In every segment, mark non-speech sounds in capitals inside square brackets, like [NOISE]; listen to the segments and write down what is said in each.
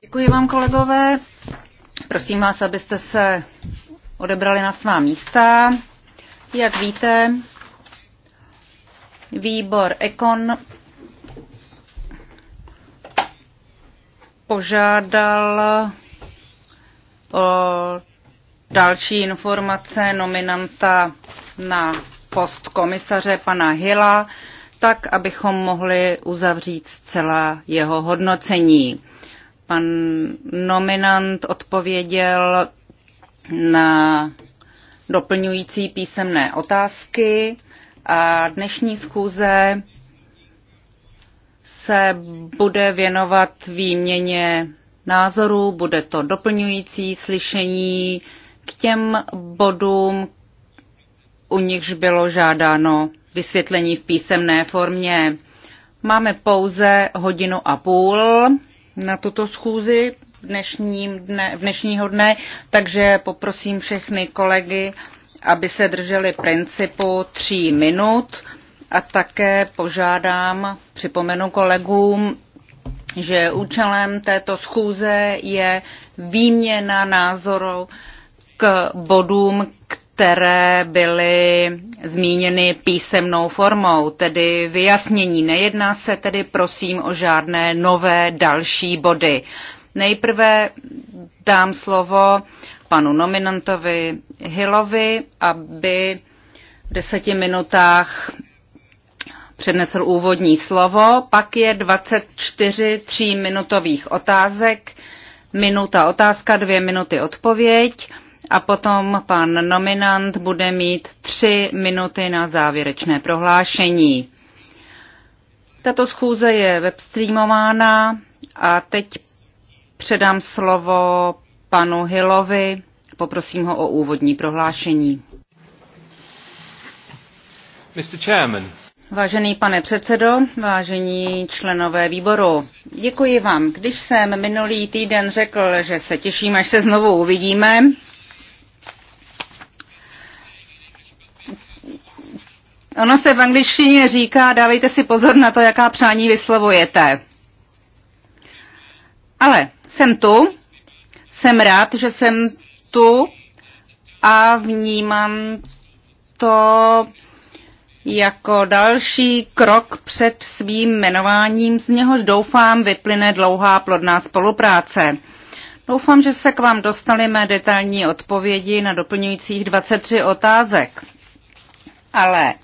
Děkuji vám, kolegové. Prosím vás, abyste se odebrali na svá místa. Jak víte, výbor Ekon požádal o další informace nominanta na post komisaře pana Hila tak abychom mohli uzavřít zcela jeho hodnocení. Pan nominant odpověděl na doplňující písemné otázky a dnešní schůze se bude věnovat výměně názorů, bude to doplňující slyšení k těm bodům, u nichž bylo žádáno vysvětlení v písemné formě. Máme pouze hodinu a půl na tuto schůzi dnešním dne, dnešního dne, takže poprosím všechny kolegy, aby se drželi principu tří minut a také požádám, připomenu kolegům, že účelem této schůze je výměna názoru k bodům, k které byly zmíněny písemnou formou, tedy vyjasnění. Nejedná se tedy prosím o žádné nové další body. Nejprve dám slovo panu nominantovi Hillovi, aby v deseti minutách přednesl úvodní slovo, pak je 24 tříminutových otázek, minuta otázka, dvě minuty odpověď a potom pan nominant bude mít tři minuty na závěrečné prohlášení. Tato schůze je webstreamována a teď předám slovo panu Hillovi. Poprosím ho o úvodní prohlášení. Mr. Chairman. Vážený pane předsedo, vážení členové výboru, děkuji vám. Když jsem minulý týden řekl, že se těším, až se znovu uvidíme, Ono se v angličtině říká, dávejte si pozor na to, jaká přání vyslovujete. Ale jsem tu, jsem rád, že jsem tu a vnímám to jako další krok před svým jmenováním, z něhož doufám vyplyne dlouhá plodná spolupráce. Doufám, že se k vám dostaly mé detailní odpovědi na doplňujících 23 otázek. Ale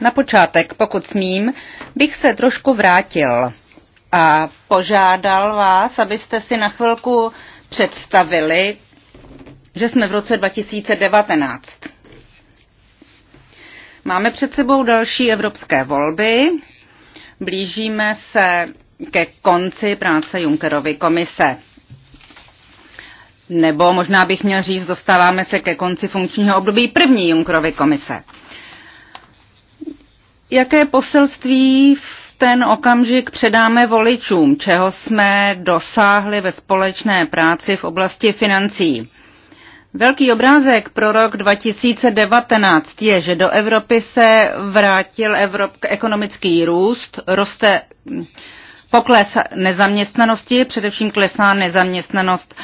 na počátek, pokud smím, bych se trošku vrátil a požádal vás, abyste si na chvilku představili, že jsme v roce 2019. Máme před sebou další evropské volby, blížíme se ke konci práce Junckerovy komise. Nebo možná bych měl říct, dostáváme se ke konci funkčního období první Junckerovy komise. Jaké poselství v ten okamžik předáme voličům, čeho jsme dosáhli ve společné práci v oblasti financí? Velký obrázek pro rok 2019 je, že do Evropy se vrátil Evrop, ekonomický růst, roste pokles nezaměstnanosti, především klesá nezaměstnanost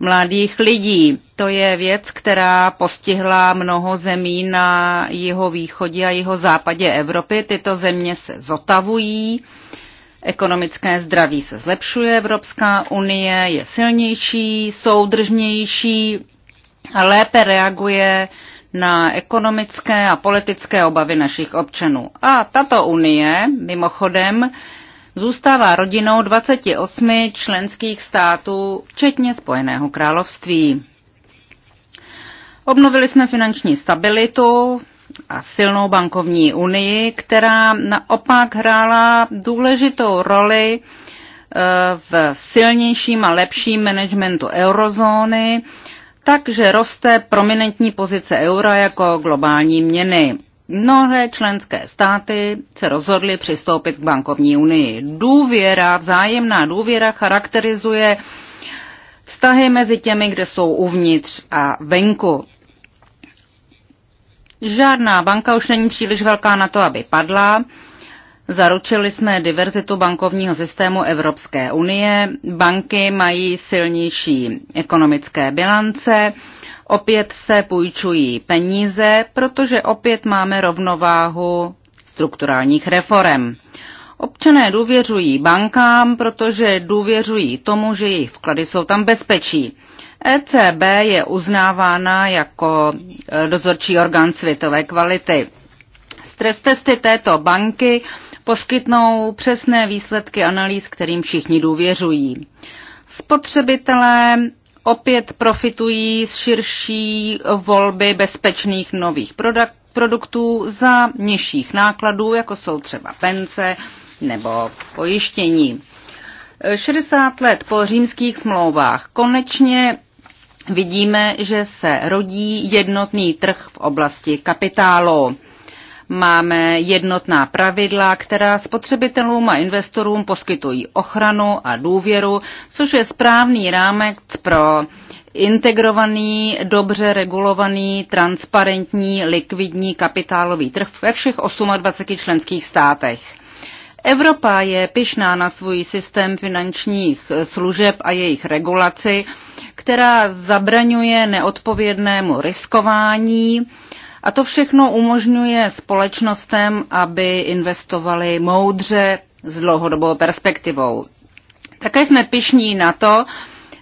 mladých lidí. To je věc, která postihla mnoho zemí na jeho východě a jeho západě Evropy. Tyto země se zotavují, ekonomické zdraví se zlepšuje, Evropská unie je silnější, soudržnější a lépe reaguje na ekonomické a politické obavy našich občanů. A tato unie, mimochodem, zůstává rodinou 28 členských států, včetně Spojeného království. Obnovili jsme finanční stabilitu a silnou bankovní unii, která naopak hrála důležitou roli eh, v silnějším a lepším managementu eurozóny, takže roste prominentní pozice eura jako globální měny. Mnohé členské státy se rozhodly přistoupit k bankovní unii. Důvěra, vzájemná důvěra charakterizuje vztahy mezi těmi, kde jsou uvnitř a venku. Žádná banka už není příliš velká na to, aby padla. Zaručili jsme diverzitu bankovního systému Evropské unie. Banky mají silnější ekonomické bilance Opět se půjčují peníze, protože opět máme rovnováhu strukturálních reform. Občané důvěřují bankám, protože důvěřují tomu, že jejich vklady jsou tam bezpečí. ECB je uznávána jako e, dozorčí orgán světové kvality. Stres testy této banky poskytnou přesné výsledky analýz, kterým všichni důvěřují. Spotřebitelé opět profitují z širší volby bezpečných nových produktů za nižších nákladů, jako jsou třeba pence nebo pojištění. 60 let po římských smlouvách konečně vidíme, že se rodí jednotný trh v oblasti kapitálu. Máme jednotná pravidla, která spotřebitelům a investorům poskytují ochranu a důvěru, což je správný rámec pro integrovaný, dobře regulovaný, transparentní, likvidní kapitálový trh ve všech 28 členských státech. Evropa je pyšná na svůj systém finančních služeb a jejich regulaci, která zabraňuje neodpovědnému riskování, a to všechno umožňuje společnostem, aby investovali moudře s dlouhodobou perspektivou. Také jsme pišní na to,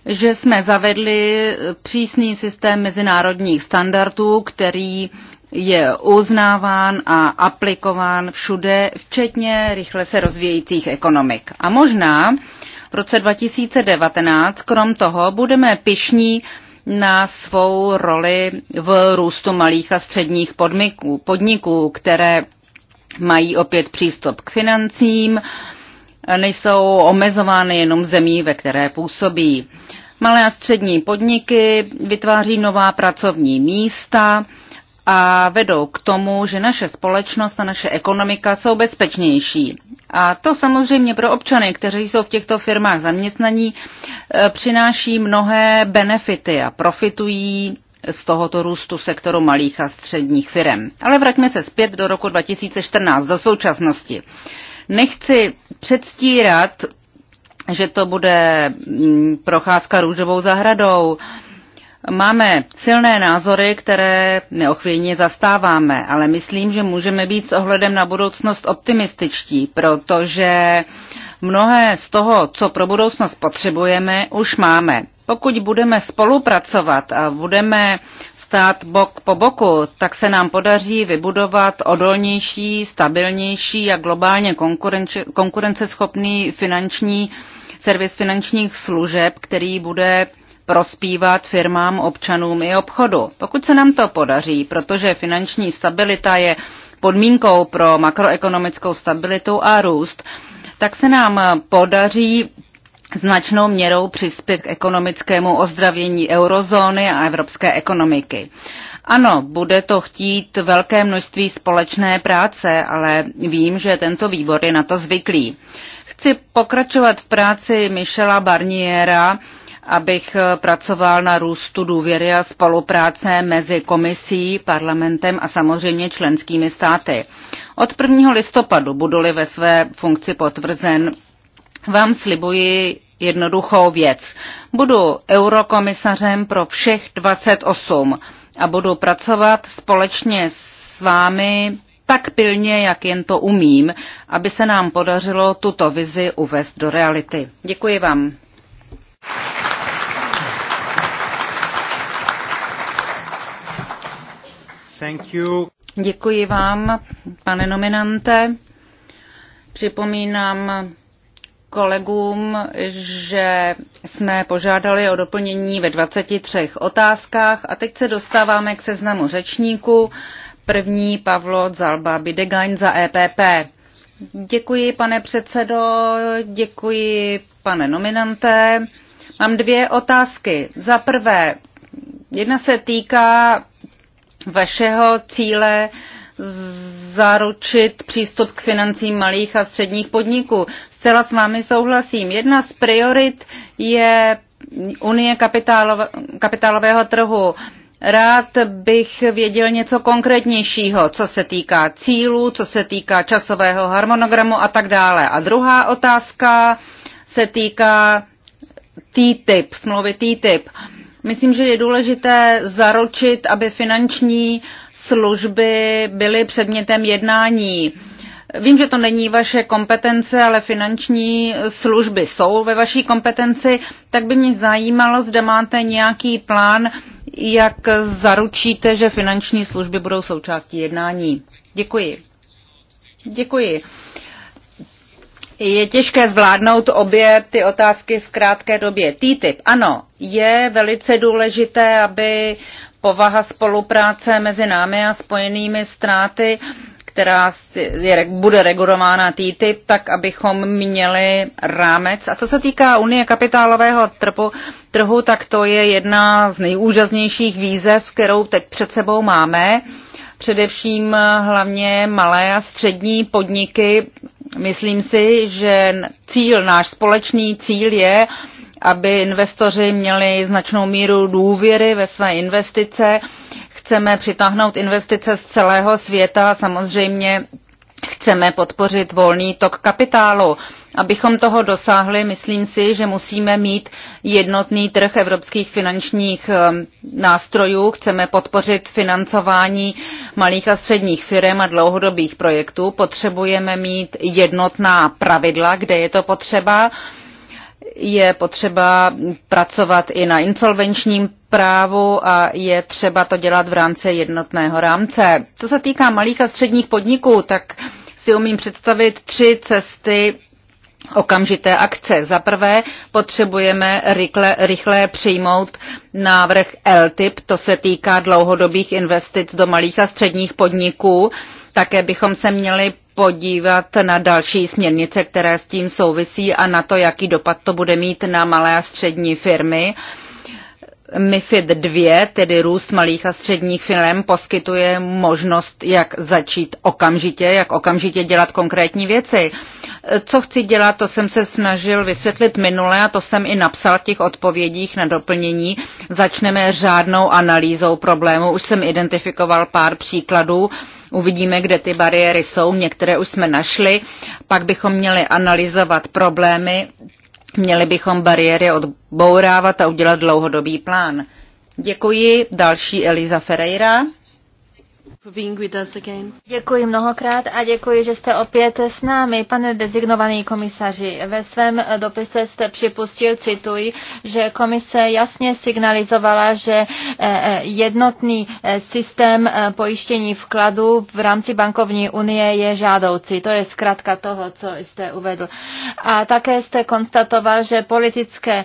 že jsme zavedli přísný systém mezinárodních standardů, který je uznáván a aplikován všude, včetně rychle se rozvíjejících ekonomik. A možná v roce 2019, krom toho, budeme pišní na svou roli v růstu malých a středních podmiků, podniků, které mají opět přístup k financím, nejsou omezovány jenom zemí, ve které působí. Malé a střední podniky vytváří nová pracovní místa, a vedou k tomu, že naše společnost a naše ekonomika jsou bezpečnější. A to samozřejmě pro občany, kteří jsou v těchto firmách zaměstnaní, e, přináší mnohé benefity a profitují z tohoto růstu sektoru malých a středních firm. Ale vraťme se zpět do roku 2014, do současnosti. Nechci předstírat, že to bude mm, procházka růžovou zahradou, Máme silné názory, které neochvějně zastáváme, ale myslím, že můžeme být s ohledem na budoucnost optimističtí, protože mnohé z toho, co pro budoucnost potřebujeme, už máme. Pokud budeme spolupracovat a budeme stát bok po boku, tak se nám podaří vybudovat odolnější, stabilnější a globálně konkurenceschopný finanční servis finančních služeb, který bude prospívat firmám, občanům i obchodu. Pokud se nám to podaří, protože finanční stabilita je podmínkou pro makroekonomickou stabilitu a růst, tak se nám podaří značnou měrou přispět k ekonomickému ozdravění eurozóny a evropské ekonomiky. Ano, bude to chtít velké množství společné práce, ale vím, že tento výbor je na to zvyklý. Chci pokračovat v práci Michela Barniera, abych eh, pracoval na růstu důvěry a spolupráce mezi komisí, parlamentem a samozřejmě členskými státy. Od 1. listopadu budu-li ve své funkci potvrzen, vám slibuji jednoduchou věc. Budu eurokomisařem pro všech 28 a budu pracovat společně s vámi tak pilně, jak jen to umím, aby se nám podařilo tuto vizi uvést do reality. Děkuji vám. Děkuji vám, pane nominante. Připomínám kolegům, že jsme požádali o doplnění ve 23 otázkách a teď se dostáváme k seznamu řečníků. První Pavlo Zalba Bidegaň za EPP. Děkuji, pane předsedo, děkuji, pane nominante. Mám dvě otázky. Za prvé, jedna se týká vašeho cíle zaručit přístup k financím malých a středních podniků. Zcela s vámi souhlasím. Jedna z priorit je Unie kapitálo- kapitálového trhu. Rád bych věděl něco konkrétnějšího, co se týká cílů, co se týká časového harmonogramu a tak dále. A druhá otázka se týká TTIP, smlouvy TTIP. Uh, Myslím, že je důležité zaručit, aby finanční služby byly předmětem jednání. Vím, že to není vaše kompetence, ale finanční služby jsou ve vaší kompetenci, tak by mě zajímalo, zda máte nějaký plán, jak zaručíte, že finanční služby budou součástí jednání. Děkuji. Děkuji. Je těžké zvládnout obě ty otázky v krátké době. TTIP, ano, je velice důležité, aby povaha spolupráce mezi námi a spojenými státy, která je, bude regulována TTIP, tak abychom měli rámec. A co se týká Unie kapitálového trhu, trhu tak to je jedna z nejúžasnějších výzev, kterou teď před sebou máme především eh, hlavně malé a střední podniky. Myslím si, že cíl, náš společný cíl je, aby investoři měli značnou míru důvěry ve své investice. Chceme přitáhnout investice z celého světa a samozřejmě chceme podpořit volný tok kapitálu. Abychom toho dosáhli, myslím si, že musíme mít jednotný trh evropských finančních ehm, nástrojů. Chceme podpořit financování malých a středních firm a dlouhodobých projektů. Potřebujeme mít jednotná pravidla, kde je to potřeba. Je potřeba pracovat i na insolvenčním právu a je třeba to dělat v rámci jednotného rámce. Co se týká malých a středních podniků, tak si umím představit tři cesty okamžité akce. Za prvé potřebujeme rychle, rychle přijmout návrh LTIP, to se týká dlouhodobých investic do malých a středních podniků. Také bychom se měli podívat na další směrnice, které s tím souvisí a na to, jaký dopad to bude mít na malé a střední firmy. MIFID 2, tedy růst malých a středních firm, poskytuje možnost, jak začít okamžitě, jak okamžitě dělat konkrétní věci co chci dělat, to jsem se snažil vysvětlit minule a to jsem i napsal v těch odpovědích na doplnění. Začneme řádnou analýzou problému. Už jsem identifikoval pár příkladů. Uvidíme, kde ty bariéry jsou. Některé už jsme našli. Pak bychom měli analyzovat problémy. Měli bychom bariéry odbourávat a udělat dlouhodobý plán. Děkuji. Další Eliza Ferreira. Děkuji mnohokrát a děkuji, že jste opět s námi. Pane dezignovaný komisaři, ve svém dopise jste připustil, cituji, že komise jasně signalizovala, že eh, eh, jednotný eh, systém pojištění vkladu v rámci bankovní unie je žádoucí. To je zkrátka toho, co jste uvedl. A také jste konstatoval, že politické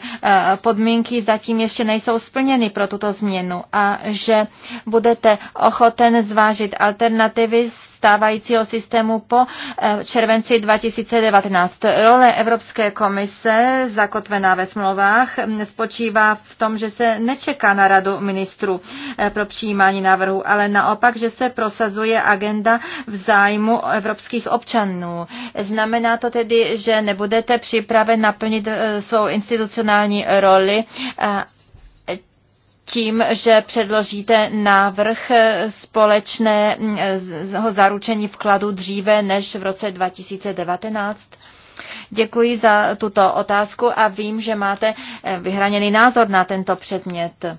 podmínky zatím ještě nejsou splněny pro tuto změnu a že budete ochoten zvážit zvážit alternativy stávajícího systému po eh, červenci 2019. Role Evropské komise, zakotvená ve smlouvách, mm, spočívá v tom, že se nečeká na radu ministrů eh, pro přijímání návrhu, ale naopak, že se prosazuje agenda v zájmu evropských občanů. Znamená to tedy, že nebudete připraven naplnit eh, svou institucionální roli tím, že předložíte návrh společného mm, zaručení vkladu dříve než v roce 2019? Děkuji za tuto otázku a vím, že máte eh, vyhraněný názor na tento předmět.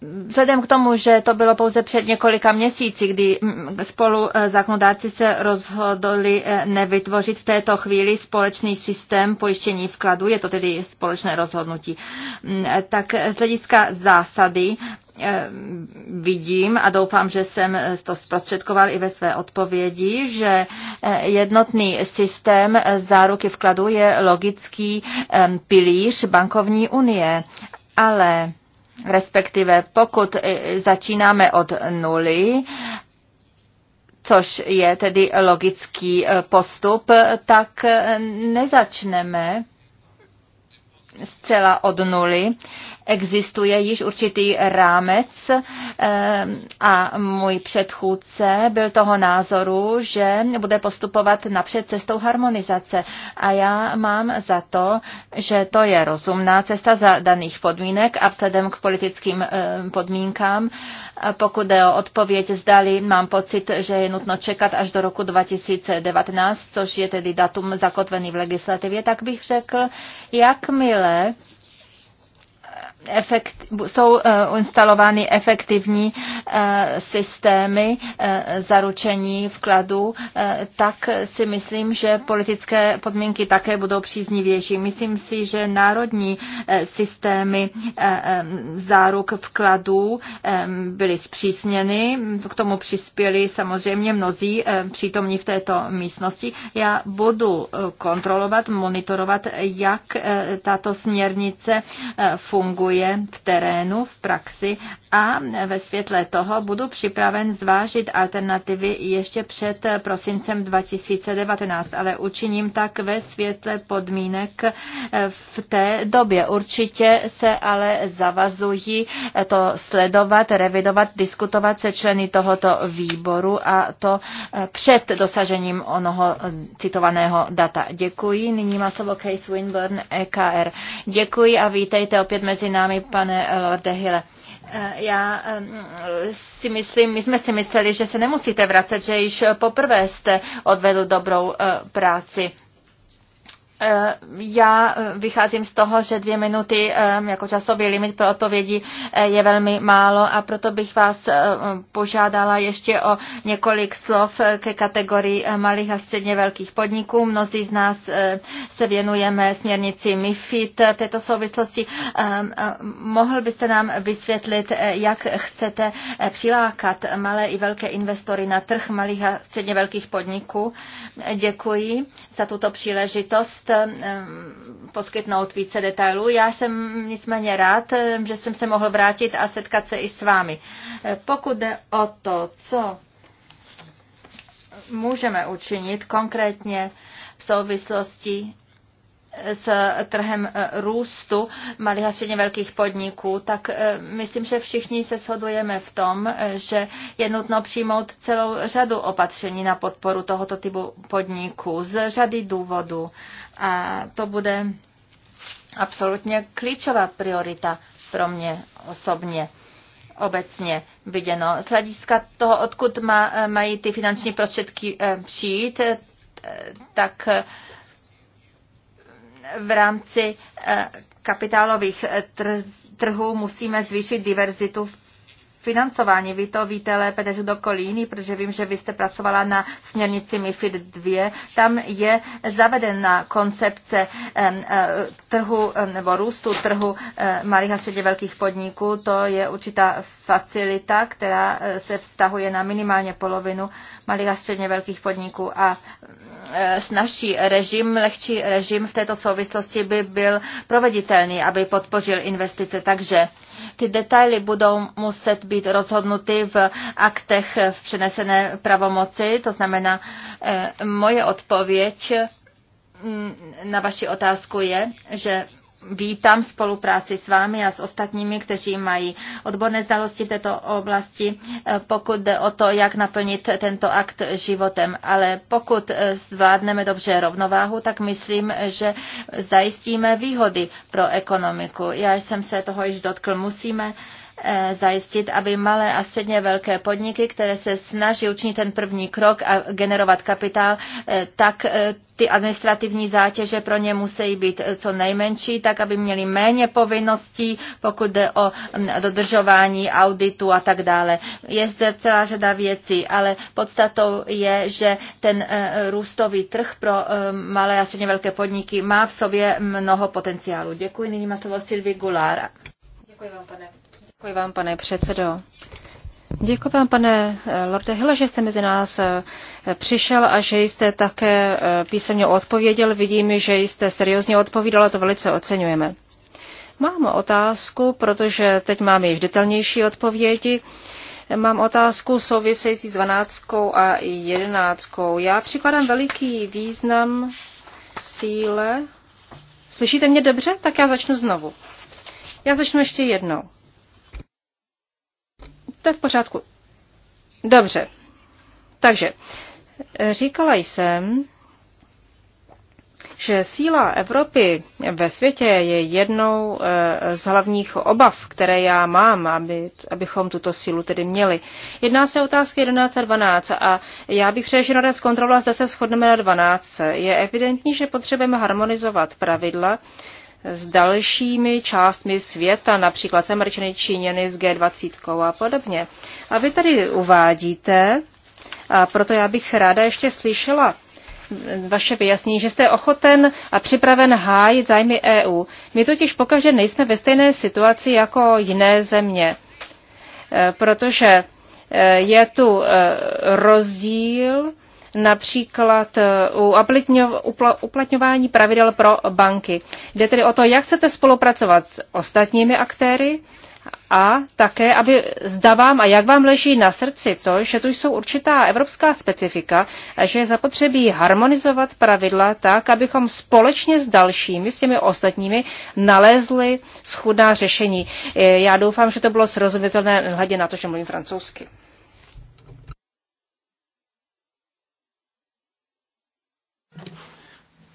Vzhledem k tomu, že to bylo pouze před několika měsíci, kdy mm, spolu eh, zákonodárci se rozhodli eh, nevytvořit v této chvíli společný systém pojištění vkladu, je to tedy společné rozhodnutí, mm, tak z hlediska zásady eh, vidím a doufám, že jsem to zprostředkoval i ve své odpovědi, že jednotný systém záruky vkladu je logický pilíř bankovní unie. Ale Respektive pokud začínáme od nuly, což je tedy logický e, postup, tak e, nezačneme zcela od nuly existuje již určitý rámec ehm, a můj předchůdce byl toho názoru, že bude postupovat napřed cestou harmonizace. A já mám za to, že to je rozumná cesta za daných podmínek a vzhledem k politickým ehm, podmínkám. Pokud je o odpověď zdali, mám pocit, že je nutno čekat až do roku 2019, což je tedy datum zakotvený v legislativě, tak bych řekl, jakmile efekt, jsou eh, instalovány efektivní eh, systémy eh, zaručení vkladů, tak si myslím, že politické podmínky také budou příznivější. Myslím si, že národní systémy záruk vkladů byly zpřísněny. K tomu přispěli samozřejmě mnozí přítomní v této místnosti. Já budu kontrolovat, monitorovat, jak tato směrnice funguje funguje v terénu, v praxi a ve světle toho budu připraven zvážit alternativy ještě před prosincem 2019, ale učiním tak ve světle podmínek eh, v té době. Určitě se ale zavazuji to sledovat, revidovat, diskutovat se členy tohoto výboru a to eh, před dosažením onoho eh, citovaného data. Děkuji. Nyní má slovo Case Winburn EKR. Děkuji a vítejte opět mezi námi námi, pane eh, Lorde Hille. Eh, já eh, si myslím, my jsme si mysleli, že se nemusíte vracet, že již poprvé jste odvedl dobrou práci. Eh, já eh, vycházím z toho, že dvě minuty eh, jako časový limit pro odpovědi je velmi málo a proto bych vás požádala ještě o několik slov ke kategorii malých a středně velkých podniků. Mnozí z nás se věnujeme směrnici MIFID v této souvislosti. Mohl byste nám vysvětlit, jak chcete přilákat malé i velké investory na trh malých a středně velkých podniků? Děkuji za tuto příležitost poskytnout více detailů. Já jsem nicméně rád, že jsem se mohl vrátit a setkat se i s vámi. E, pokud jde o to, co můžeme učinit konkrétně v souvislosti s trhem e, růstu malých a středně velkých podniků, tak e, myslím, že všichni se shodujeme v tom, e, že je nutno přijmout celou řadu opatření na podporu tohoto typu podniků z řady důvodů. A to bude absolutně klíčová priorita pro mě osobně obecně viděno. Z hlediska toho, odkud mají ty finanční prostředky přijít, tak v rámci eh, kapitálových eh, trhů musíme zvýšit diverzitu v financování. Vy to víte lépe než kdokoliv jiný, protože vím, že vy jste pracovala na směrnici MIFID 2. Tam je zavedena koncepce e, trhu nebo růstu trhu e, malých a středně velkých podniků. To je určitá facilita, která e, se vztahuje na minimálně polovinu malých a středně velkých podniků a snažší režim, lehčí režim v této souvislosti by byl proveditelný, aby podpořil investice. Takže ty detaily budou muset být rozhodnuty v aktech v přenesené pravomoci, to znamená, eh, moje odpověď mm, na vaši otázku je, že vítám spolupráci s vámi a s ostatními, kteří mají odborné znalosti v této oblasti, eh, pokud jde o to, jak naplnit tento akt životem. Ale pokud eh, zvládneme dobře rovnováhu, tak myslím, že zajistíme výhody pro ekonomiku. Já jsem se toho již dotkl. Musíme Eh, zajistit, aby malé a středně velké podniky, které se snaží učinit ten první krok a generovat kapitál, eh, tak eh, ty administrativní zátěže pro ně musí být co nejmenší, tak aby měli méně povinností, pokud jde o mm, dodržování auditu a tak dále. Je zde celá řada věcí, ale podstatou je, že ten růstový trh pro malé a středně velké podniky má v sobě mnoho potenciálu. Děkuji. Nyní má slovo Silvi Gulára. Děkuji vám, pane Děkuji vám, pane předsedo. Děkuji vám, pane eh, Lorde Hilo, že jste mezi nás eh, přišel a že jste také eh, písemně odpověděl. Vidím, že jste seriózně odpovídal a to velice oceňujeme. Mám otázku, protože teď mám již detailnější odpovědi. Mám otázku související s 12 a 11. Já přikládám veliký význam síle. Slyšíte mě dobře? Tak já začnu znovu. Já začnu ještě jednou. To je v pořádku. Dobře. Takže říkala jsem, že síla Evropy ve světě je jednou eh, z hlavních obav, které já mám, aby, abychom tuto sílu tedy měli. Jedná se o otázky 11 a 12 a já bych především rád zkontrolovala, zda se shodneme na 12. Je evidentní, že potřebujeme harmonizovat pravidla, s dalšími částmi světa, například s Američany, Číněny, s G20 a podobně. A vy tady uvádíte, a proto já bych ráda ještě slyšela vaše vyjasnění, že jste ochoten a připraven hájit zájmy EU. My totiž pokaždé nejsme ve stejné situaci jako jiné země, e, protože e, je tu e, rozdíl například eh, u uplatňování pravidel pro banky. Jde tedy o to, jak chcete spolupracovat s ostatními aktéry a také, aby zda vám a jak vám leží na srdci to, že tu jsou určitá evropská specifika a že je zapotřebí harmonizovat pravidla tak, abychom společně s dalšími, s těmi ostatními, nalezli schudná řešení. Eh, já doufám, že to bylo srozumitelné hledě na to, že mluvím francouzsky.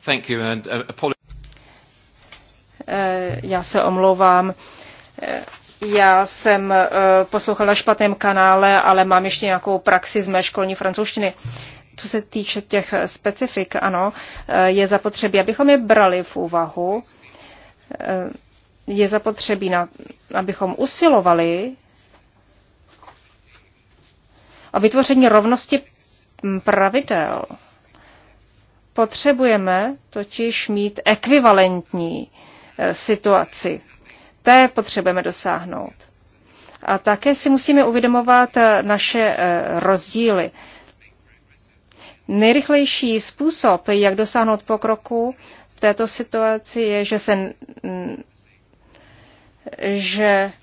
Thank you and uh, eh, Já se omlouvám. Eh, já jsem eh, poslouchala na špatném kanále, ale mám ještě nějakou praxi z mé školní francouzštiny. Co se týče těch specifik, ano, je zapotřebí, abychom je brali v úvahu, je zapotřebí, na, abychom usilovali o vytvoření rovnosti pravidel Potřebujeme totiž mít ekvivalentní eh, situaci. Té potřebujeme dosáhnout. A také si musíme uvědomovat eh, naše eh, rozdíly. Nejrychlejší způsob, jak dosáhnout pokroku v této situaci, je, že se že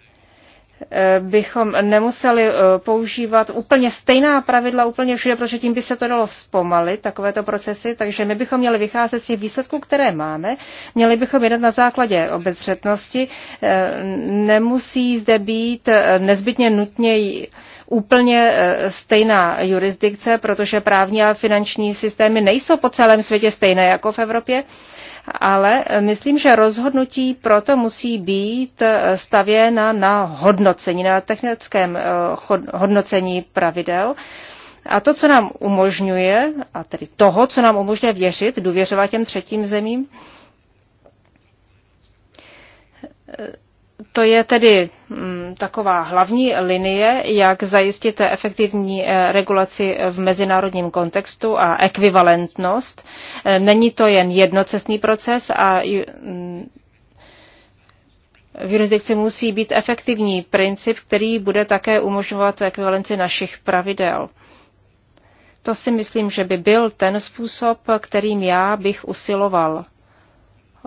Eh, bychom nemuseli eh, používat úplně stejná pravidla úplně všude, protože tím by se to dalo zpomalit, takovéto procesy, takže my bychom měli vycházet z těch výsledků, které máme, měli bychom jednat na základě obezřetnosti, eh, nemusí zde být nezbytně nutně úplně stejná jurisdikce, protože právní a finanční systémy nejsou po celém světě stejné jako v Evropě ale eh, myslím, že rozhodnutí proto musí být eh, stavěna na hodnocení, na technickém eh, hodnocení pravidel. A to, co nám umožňuje, a tedy toho, co nám umožňuje věřit, důvěřovat těm třetím zemím, to je tedy mm, taková hlavní linie, jak zajistit efektivní eh, regulaci v mezinárodním kontextu a ekvivalentnost. Eh, není to jen jednocestný proces a mm, v jurisdikci musí být efektivní princip, který bude také umožňovat ekvivalenci našich pravidel. To si myslím, že by byl ten způsob, kterým já bych usiloval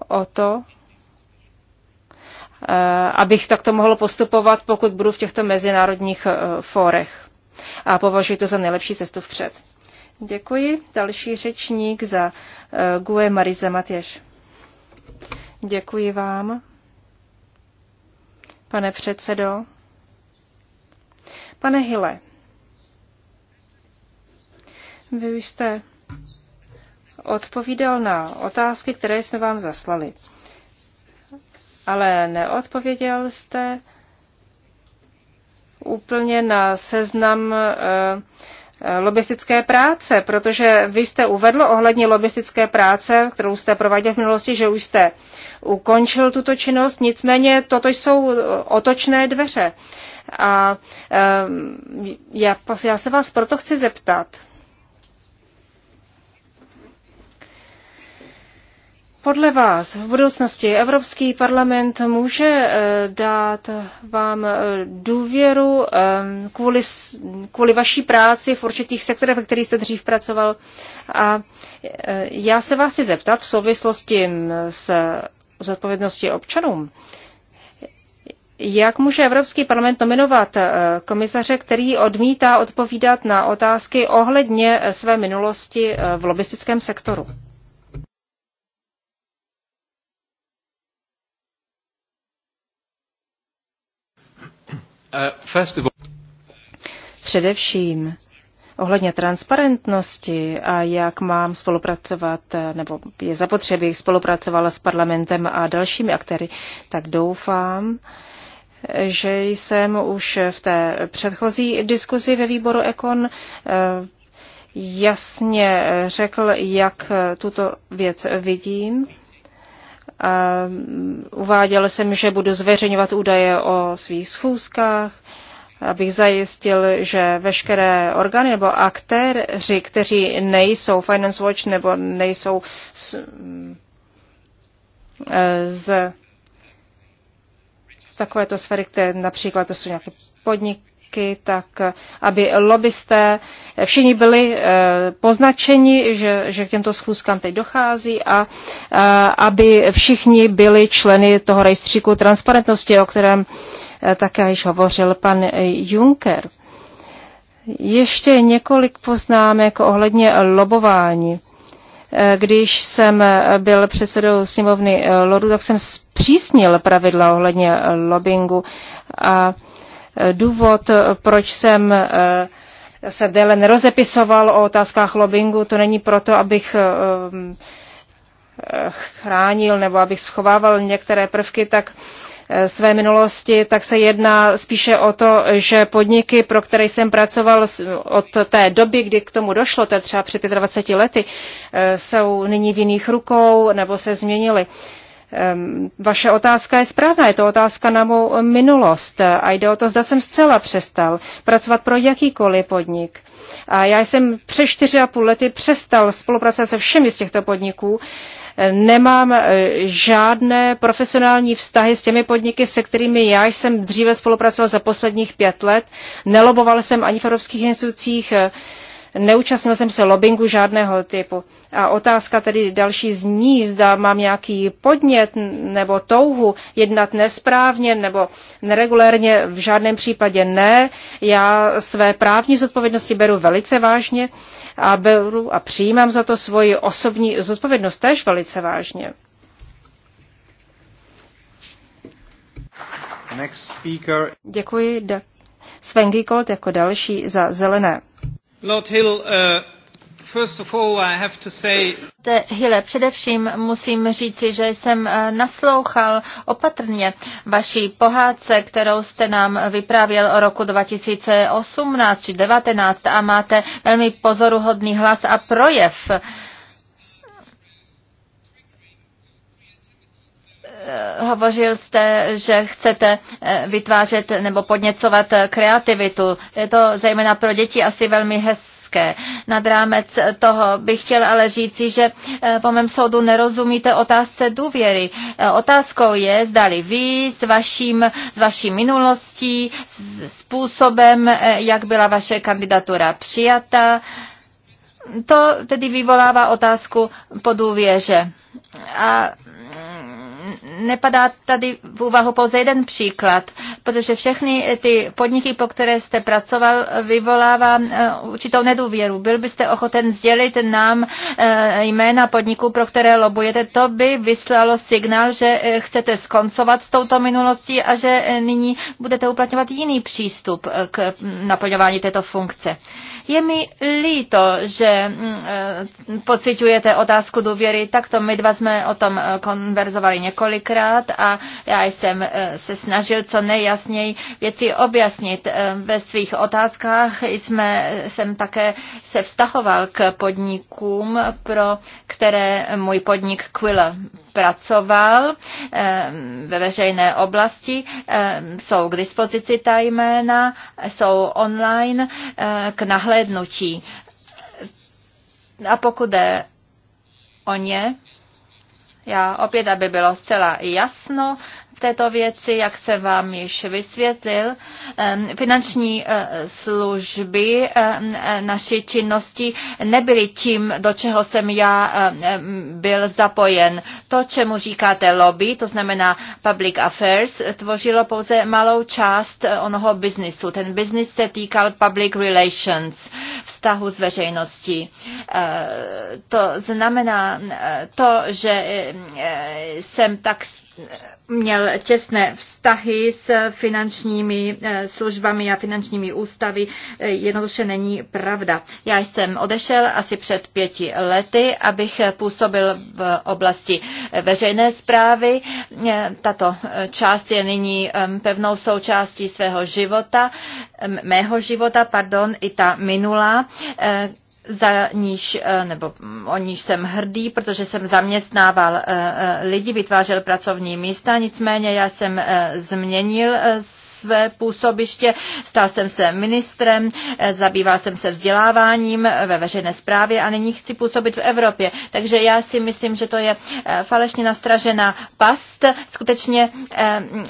o to, Eh, abych takto mohl postupovat, pokud budu v těchto mezinárodních eh, fórech. A považuji to za nejlepší cestu vpřed. Děkuji. Další řečník za eh, GUE Marize Matěš. Děkuji vám, pane předsedo. Pane Hile, vy jste odpovídal na otázky, které jsme vám zaslali ale neodpověděl jste úplně na seznam eh, eh, lobistické práce, protože vy jste uvedl ohledně lobistické práce, kterou jste prováděl v minulosti, že už jste ukončil tuto činnost, nicméně toto jsou otočné dveře. A eh, já, já se vás proto chci zeptat, Podle vás v budoucnosti Evropský parlament může eh, dát vám eh, důvěru eh, kvůli, kvůli vaší práci v určitých sektorech, ve kterých jste dřív pracoval. A já se vás chci zeptat v souvislosti s zodpovědností občanům. Jak může Evropský parlament nominovat komisaře, který odmítá odpovídat na otázky ohledně své minulosti v lobistickém sektoru? Eh, Především ohledně transparentnosti a jak mám spolupracovat, eh, nebo je zapotřebí, spolupracovala s parlamentem a dalšími aktéry, tak doufám, že jsem už v té předchozí diskuzi ve výboru Ekon eh, jasně řekl, jak tuto věc vidím Mm, uváděl jsem, že budu zveřejňovat údaje o svých schůzkách, abych zajistil, že veškeré orgány nebo aktéři, kteří nejsou Finance Watch nebo nejsou z, z, mm, e, z takovéto sféry, které například to jsou nějaké podniky prostředky, tak aby lobbysté všichni byli eh, poznačeni, že, že k těmto schůzkám teď dochází a eh, aby všichni byli členy toho rejstříku transparentnosti, o kterém eh, také již hovořil pan Juncker. Ještě několik poznámek ohledně lobování. Když jsem byl předsedou sněmovny Lodu, tak jsem zpřísnil pravidla ohledně lobingu a důvod, proč jsem eh, se déle nerozepisoval o otázkách lobbingu, to není proto, abych eh, eh, chránil nebo abych schovával některé prvky, tak své minulosti, tak se jedná spíše o to, že podniky, pro které jsem pracoval od té doby, kdy k tomu došlo, to je třeba před 25 lety, jsou nyní v jiných rukou nebo se změnily. Vaše otázka je správná, je to otázka na mou minulost a jde o to, zda jsem zcela přestal pracovat pro jakýkoliv podnik. A já jsem přes čtyři a půl lety přestal spolupracovat se všemi z těchto podniků. Nemám e, žádné profesionální vztahy s těmi podniky, se kterými já jsem dříve spolupracoval za posledních pět let. Neloboval jsem ani v evropských institucích, Neúčastnil jsem se lobbingu žádného typu. A otázka tedy další zní, zda mám nějaký podnět nebo touhu jednat nesprávně nebo neregulérně, v žádném případě ne. Já své právní zodpovědnosti beru velice vážně a, beru a přijímám za to svoji osobní zodpovědnost též velice vážně. Next speaker. Děkuji Svengi Kolt jako další za zelené. Lord Hill, uh, first of all I have to say... Hille, především musím říci, že jsem uh, naslouchal opatrně vaší pohádce, kterou jste nám vyprávěl o roku 2018 či 2019 a máte velmi pozoruhodný hlas a projev. Uh, Eh, hovořil jste, že chcete eh, vytvářet nebo podněcovat eh, kreativitu. Je to zejména pro děti asi velmi hezké Nad rámec toho bych chtěl ale říci, že po mém soudu nerozumíte otázce důvěry. Otázkou je, zdali vy s, vaším, s vaší minulostí, s způsobem, jak byla vaše kandidatura přijata, to tedy vyvolává otázku po důvěře. A nepadá tady v úvahu pouze jeden příklad, protože všechny ty podniky, po které jste pracoval, vyvolává eh, určitou nedůvěru. Byl byste ochoten sdělit nám eh, jména podniků, pro které lobujete? To by vyslalo signál, že eh, chcete skoncovat s touto minulostí a že nyní budete uplatňovat jiný přístup k mm, naplňování této funkce. Je mi líto, že mm, pociťujete otázku důvěry, takto my dva jsme o tom konverzovali několik několikrát a já jsem eh, se snažil co nejjasněji věci objasnit. Eh, ve svých otázkách jsme, jsem také se vztahoval k podnikům, pro které můj podnik Quilla pracoval eh, ve veřejné oblasti. Jsou k dispozici ta jména, jsou online k nahlédnutí. A pokud jde o ně, já opět, aby bylo zcela jasno, této věci, jak se vám již vysvětlil. Finanční eh, služby eh, naší činnosti nebyly tím, do čeho jsem já byl zapojen. To, čemu říkáte lobby, to znamená public affairs, tvořilo pouze malou část eh, onoho biznisu. Ten biznis se týkal public relations, vztahu s veřejností. To znamená to, že jsem tak měl těsné vztahy s finančními eh, službami a finančními ústavy, eh, jednoduše není pravda. Já jsem odešel asi před pěti lety, abych působil v oblasti veřejné zprávy. Eh, tato část je nyní pevnou součástí svého života, mého života, pardon, i ta minulá, za níž, eh, nebo o níž jsem hrdý, protože jsem zaměstnával eh, eh, lidi, vytvářel pracovní místa, nicméně já jsem změnil své působiště. Stal jsem se ministrem, eh, zabýval jsem se vzděláváním eh, ve veřejné správě a nyní chci působit v Evropě. Takže já si myslím, že to je eh, falešně nastražená past. Skutečně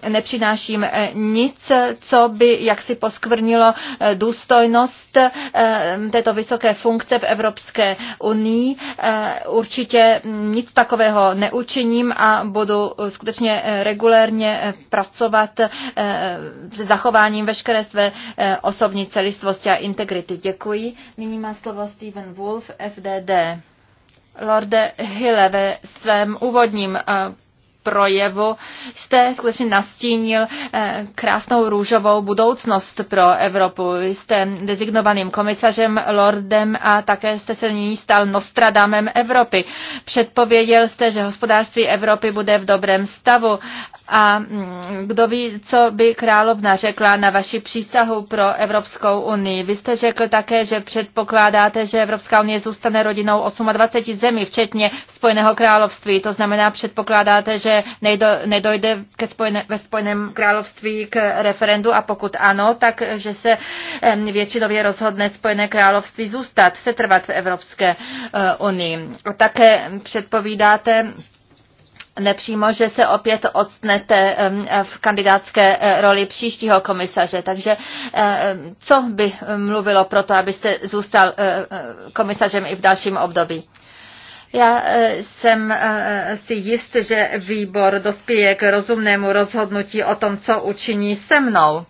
nepřináším nic, co by jaksi poskvrnilo důstojnost této vysoké funkce v Evropské unii. Určitě hm, nic takového neučiním a budu skutečně regulérně pracovat se zachováním veškeré své eh, osobní celistvosti a integrity. Děkuji. Nyní má slovo Steven Wolf, FDD. Lorde Hille, ve svém úvodním eh, projevu jste skutečně nastínil eh, krásnou růžovou budoucnost pro Evropu. Jste dezignovaným komisařem, lordem a také jste se nyní stal Nostradamem Evropy. Předpověděl jste, že hospodářství Evropy bude v dobrém stavu a mm, kdo ví, co by královna řekla na vaši přísahu pro Evropskou unii. Vy jste řekl také, že předpokládáte, že Evropská unie zůstane rodinou 28 zemí, včetně Spojeného království. To znamená, předpokládáte, že že nejdo, nedojde ke spojené, ve Spojeném království k referendu a pokud ano, tak že se většinově rozhodne Spojené království zůstat, se trvat v Evropské eh, unii. Také předpovídáte, nepřímo, že se opět odstnete v kandidátské eh, roli příštího komisaře. Takže eh, co by mluvilo pro to, abyste zůstal komisařem i v dalším období? Já e, jsem e, si jist, že výbor dospěje k rozumnému rozhodnutí o tom, co učiní se mnou.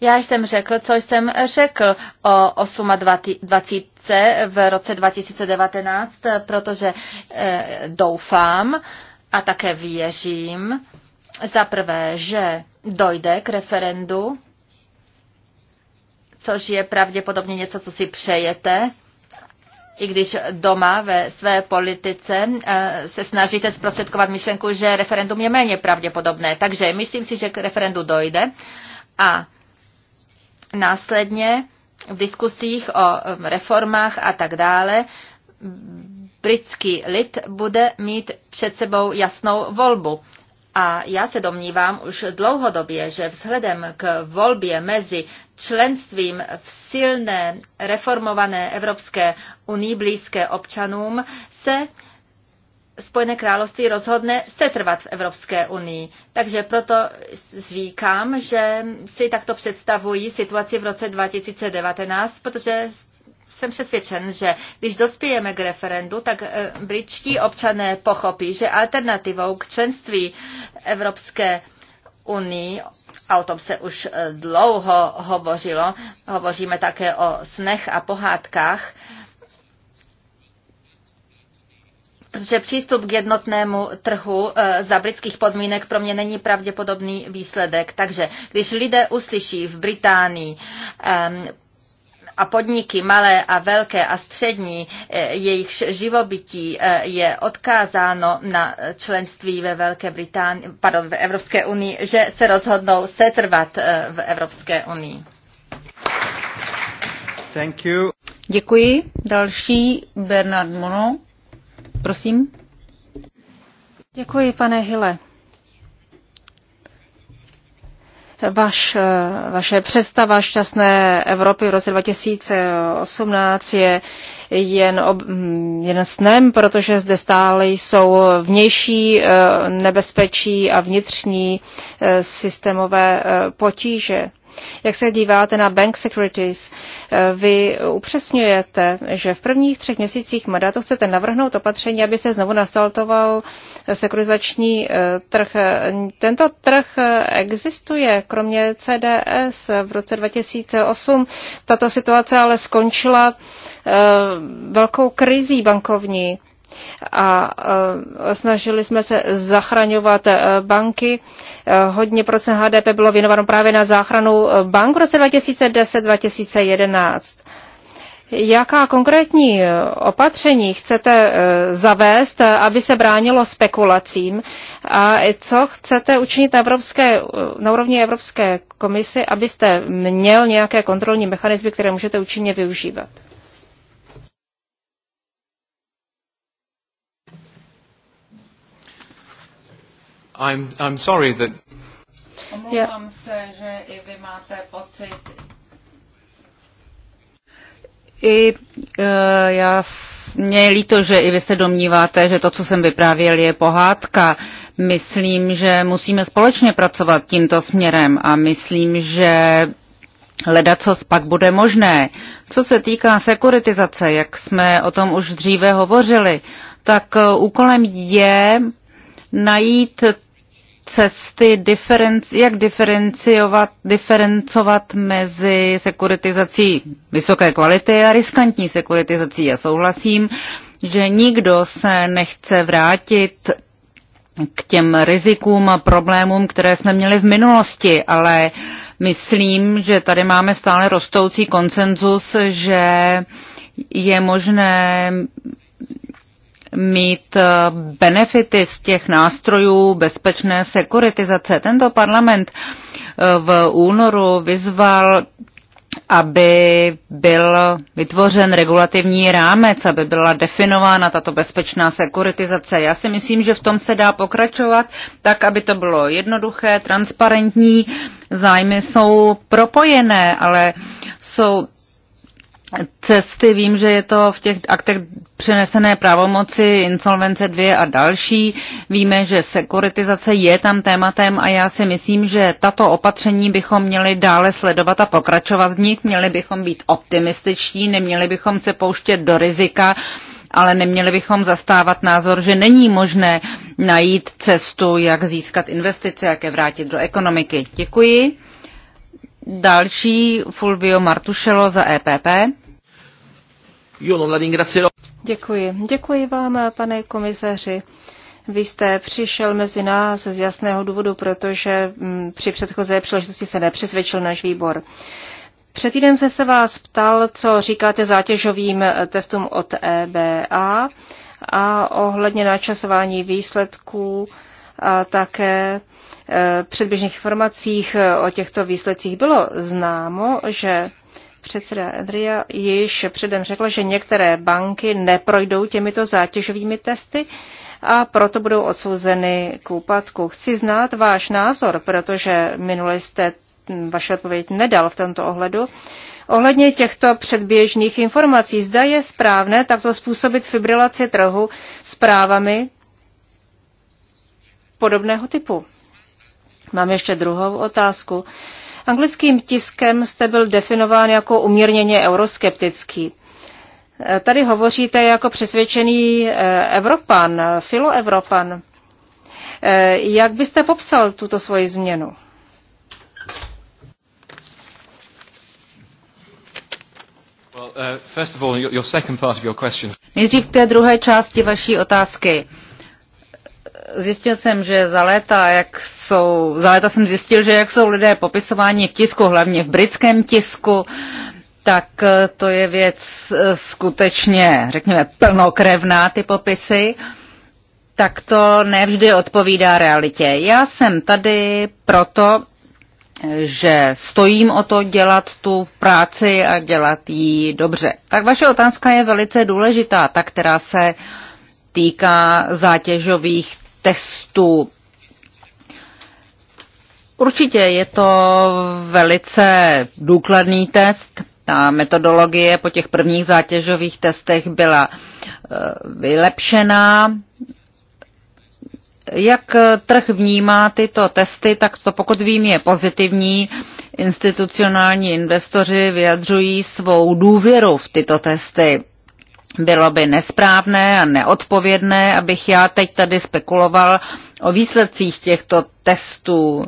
Já jsem řekl, co jsem řekl o 28. v roce 2019, protože e, doufám a také věřím, za prvé, že dojde k referendu což je pravděpodobně něco, co si přejete, i když doma ve své politice eh, se snažíte zprostředkovat myšlenku, že referendum je méně pravděpodobné. Takže myslím si, že k referendu dojde a následně v diskusích o reformách a tak dále britský lid bude mít před sebou jasnou volbu. A já se domnívám už dlouhodobě, že vzhledem k volbě mezi členstvím v silné reformované Evropské unii blízké občanům se Spojené království rozhodne setrvat v Evropské unii. Takže proto říkám, že si takto představuji situaci v roce 2019, protože jsem přesvědčen, že když dospějeme k referendu, tak eh, britští občané pochopí, že alternativou k členství Evropské unii, a o tom se už eh, dlouho hovořilo, hovoříme také o snech a pohádkách, že přístup k jednotnému trhu eh, za britských podmínek pro mě není pravděpodobný výsledek. Takže když lidé uslyší v Británii ehm, a podniky malé a velké a střední, eh, jejich živobytí eh, je odkázáno na členství ve Velké Británii, pardon, ve Evropské unii, že se rozhodnou setrvat eh, v Evropské unii. Thank you. Děkuji. Další Bernard Mono. Prosím. Děkuji, pane Hille. Vaš, vaše představa šťastné Evropy v roce 2018 je jen, ob, jen snem, protože zde stále jsou vnější eh, nebezpečí a vnitřní eh, systémové eh, potíže. Jak se díváte na bank securities? Eh, vy upřesňujete, že v prvních třech měsících mandátu chcete navrhnout opatření, aby se znovu nastaltoval sekurizační eh, trh. Tento trh eh, existuje, kromě CDS v roce 2008. Tato situace ale skončila velkou krizí bankovní a e, snažili jsme se zachraňovat e, banky. E, hodně procent HDP bylo věnováno právě na záchranu bank v roce 2010-2011. Jaká konkrétní opatření chcete zavést, aby se bránilo spekulacím? A co chcete učinit na, Evropské, na úrovni Evropské komisy, abyste měl nějaké kontrolní mechanizmy, které můžete účinně využívat? I'm, I'm sorry that... Omlouvám se, že i vy máte pocit... I uh, já, mě je líto, že i vy se domníváte, že to, co jsem vyprávěl, je pohádka. Myslím, že musíme společně pracovat tímto směrem a myslím, že Leda, co pak bude možné. Co se týká sekuritizace, jak jsme o tom už dříve hovořili, tak eh, úkolem je najít cesty, diferenci, jak diferenciovat, diferencovat mezi sekuritizací vysoké kvality a riskantní sekuritizací. Já souhlasím, že nikdo se nechce vrátit k těm rizikům a problémům, které jsme měli v minulosti, ale myslím, že tady máme stále rostoucí konsenzus, že je možné mít eh, benefity z těch nástrojů bezpečné sekuritizace. Tento parlament eh, v únoru vyzval aby byl vytvořen regulativní rámec, aby byla definována tato bezpečná sekuritizace. Já si myslím, že v tom se dá pokračovat tak, aby to bylo jednoduché, transparentní. Zájmy jsou propojené, ale jsou cesty. Vím, že je to v těch aktech přenesené pravomoci, insolvence 2 a další. Víme, že sekuritizace je tam tématem a já si myslím, že tato opatření bychom měli dále sledovat a pokračovat v nich. Měli bychom být optimističtí, neměli bychom se pouštět do rizika, ale neměli bychom zastávat názor, že není možné najít cestu, jak získat investice, jak je vrátit do ekonomiky. Děkuji. Další Fulvio Martušelo za EPP. No, Děkuji. Děkuji vám, pane komisaři. Vy jste přišel mezi nás z jasného důvodu, protože mm, při předchozí příležitosti se nepřesvědčil náš výbor. Před týdnem jsem se vás ptal, co říkáte zátěžovým eh, testům od EBA a ohledně načasování výsledků a také Eh, předběžných informacích eh, o těchto výsledcích bylo známo, že předseda Andrea již předem řekl, že některé banky neprojdou těmito zátěžovými testy a proto budou odsouzeny k úpadku. Chci znát váš názor, protože minule jste vaše odpověď nedal v tomto ohledu. Ohledně těchto předběžných informací, zda je správné takto způsobit fibrilaci trhu s právami podobného typu. Mám ještě druhou otázku. Anglickým tiskem jste byl definován jako umírněně euroskeptický. Eh, tady hovoříte jako přesvědčený eh, Evropan, filoevropan. Eh, jak byste popsal tuto svoji změnu? Nejdřív k té druhé části vaší otázky zjistil jsem, že za léta, jak jsou, za léta jsem zjistil, že jak jsou lidé popisováni v tisku, hlavně v britském tisku, tak eh, to je věc eh, skutečně, řekněme, plnokrevná ty popisy, tak to nevždy odpovídá realitě. Já jsem tady proto, že stojím o to dělat tu práci a dělat ji dobře. Tak vaše otázka je velice důležitá, ta, která se týká zátěžových testů. Určitě je to velice důkladný test. Ta metodologie po těch prvních zátěžových testech byla eh, vylepšená. Jak eh, trh vnímá tyto testy, tak to pokud vím je pozitivní. Institucionální investoři vyjadřují svou důvěru v tyto testy. Bylo by nesprávné a neodpovědné, abych já teď tady spekuloval o výsledcích těchto testů.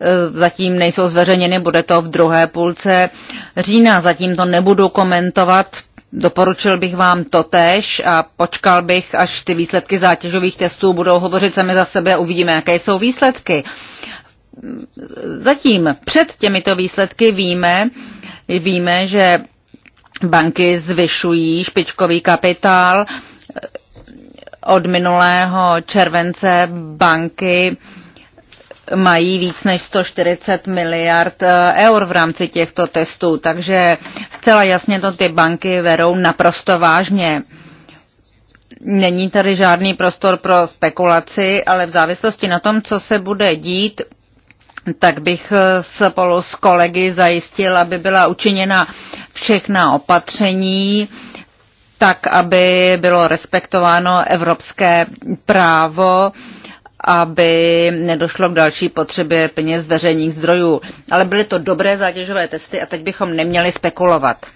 E, zatím nejsou zveřejněny, bude to v druhé půlce října, zatím to nebudu komentovat. Doporučil bych vám tež a počkal bych, až ty výsledky zátěžových testů budou hovořit sami za sebe a uvidíme, jaké jsou výsledky. Zatím před těmito výsledky víme, víme, že banky zvyšují špičkový kapitál. Od minulého července banky mají víc než 140 miliard eh, eur v rámci těchto testů, takže zcela jasně to ty banky verou naprosto vážně. Není tady žádný prostor pro spekulaci, ale v závislosti na tom, co se bude dít, tak bych eh, spolu s kolegy zajistil, aby byla učiněna všechna opatření, tak aby bylo respektováno evropské právo, aby nedošlo k další potřebě peněz z veřejných zdrojů. Ale byly to dobré zátěžové testy a teď bychom neměli spekulovat.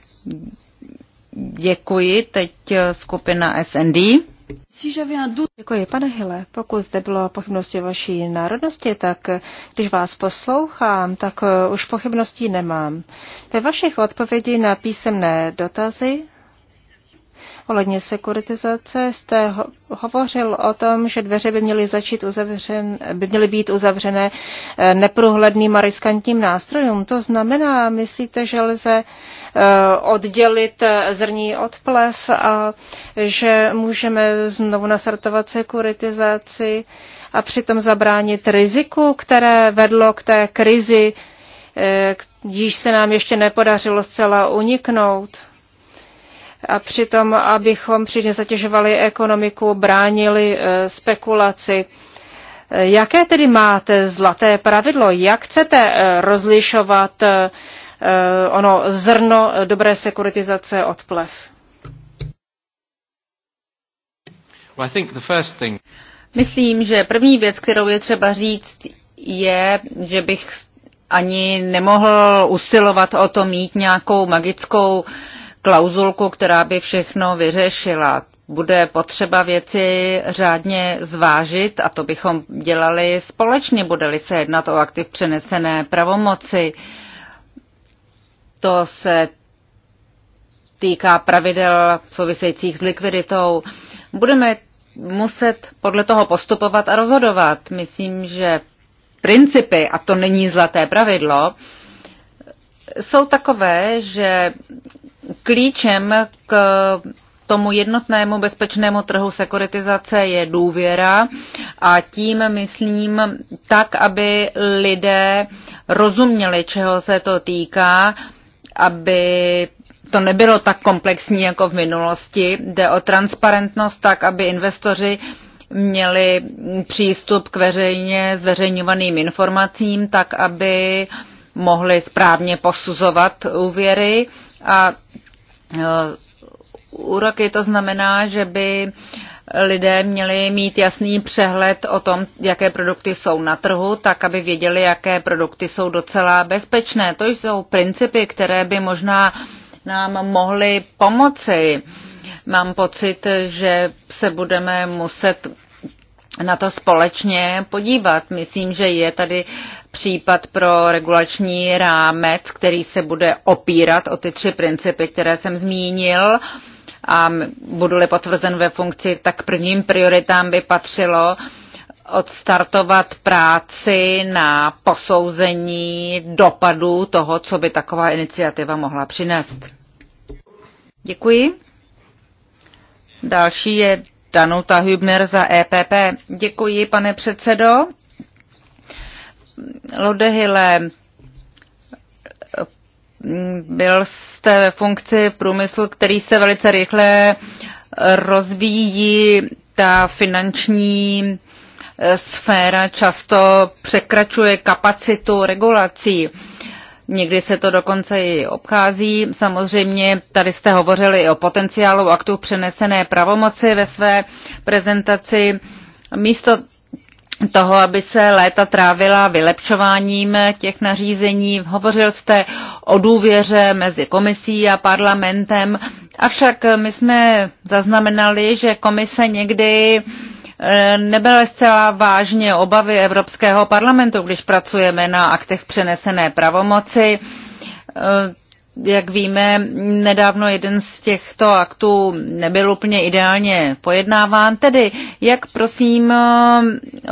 Děkuji. Teď eh, skupina SND. Děkuji, pane Hille. Pokud zde bylo pochybnosti vaší národnosti, tak eh, když vás poslouchám, tak eh, už pochybností nemám. Ve vašich odpovědí na písemné dotazy Ohledně sekuritizace jste hovořil o tom, že dveře by měly, začít uzavřen, by měly být uzavřené eh, neprůhledným a riskantním nástrojům. To znamená, myslíte, že lze eh, oddělit eh, zrní od plev a že můžeme znovu nasartovat sekuritizaci a přitom zabránit riziku, které vedlo k té krizi, když se nám ještě nepodařilo zcela uniknout a přitom, abychom příliš zatěžovali ekonomiku, bránili eh, spekulaci. Eh, jaké tedy máte zlaté pravidlo? Jak chcete eh, rozlišovat ono zrno dobré sekuritizace od plev? Myslím, že první věc, kterou je třeba říct, je, že bych ani nemohl usilovat o to mít nějakou magickou uh, klauzulku, která by všechno vyřešila. Bude potřeba věci řádně zvážit a to bychom dělali společně, bude-li se jednat o aktiv přenesené pravomoci. To se týká pravidel souvisejících s likviditou. Budeme muset podle toho postupovat a rozhodovat. Myslím, že principy, a to není zlaté pravidlo, jsou takové, že klíčem k tomu jednotnému bezpečnému trhu sekuritizace je důvěra a tím myslím tak, aby lidé rozuměli, čeho se to týká, aby to nebylo tak komplexní jako v minulosti. Jde o transparentnost tak, aby investoři měli přístup k veřejně zveřejňovaným informacím, tak aby mohli správně posuzovat úvěry a e, úroky, to znamená, že by lidé měli mít jasný přehled o tom, jaké produkty jsou na trhu, tak aby věděli, jaké produkty jsou docela bezpečné. To jsou principy, které by možná nám mohly pomoci. Mám pocit, že se budeme muset na to společně podívat. Myslím, že je tady případ pro regulační rámec, který se bude opírat o ty tři principy, které jsem zmínil. A budu-li potvrzen ve funkci, tak prvním prioritám by patřilo odstartovat práci na posouzení dopadů toho, co by taková iniciativa mohla přinést. Děkuji. Další je Danuta Hübner za EPP. Děkuji, pane předsedo. Lodehile, byl jste ve funkci průmyslu, který se velice rychle rozvíjí. Ta finanční eh, sféra často překračuje kapacitu regulací. Někdy se to dokonce i obchází. Samozřejmě tady jste hovořili i o potenciálu aktu přenesené pravomoci ve své prezentaci. Místo toho, aby se léta trávila vylepšováním těch nařízení. Hovořil jste o důvěře mezi komisí a parlamentem, avšak my jsme zaznamenali, že komise někdy eh, nebyla zcela vážně obavy Evropského parlamentu, když pracujeme na aktech přenesené pravomoci eh, jak víme, nedávno jeden z těchto aktů nebyl úplně ideálně pojednáván. Tedy, jak prosím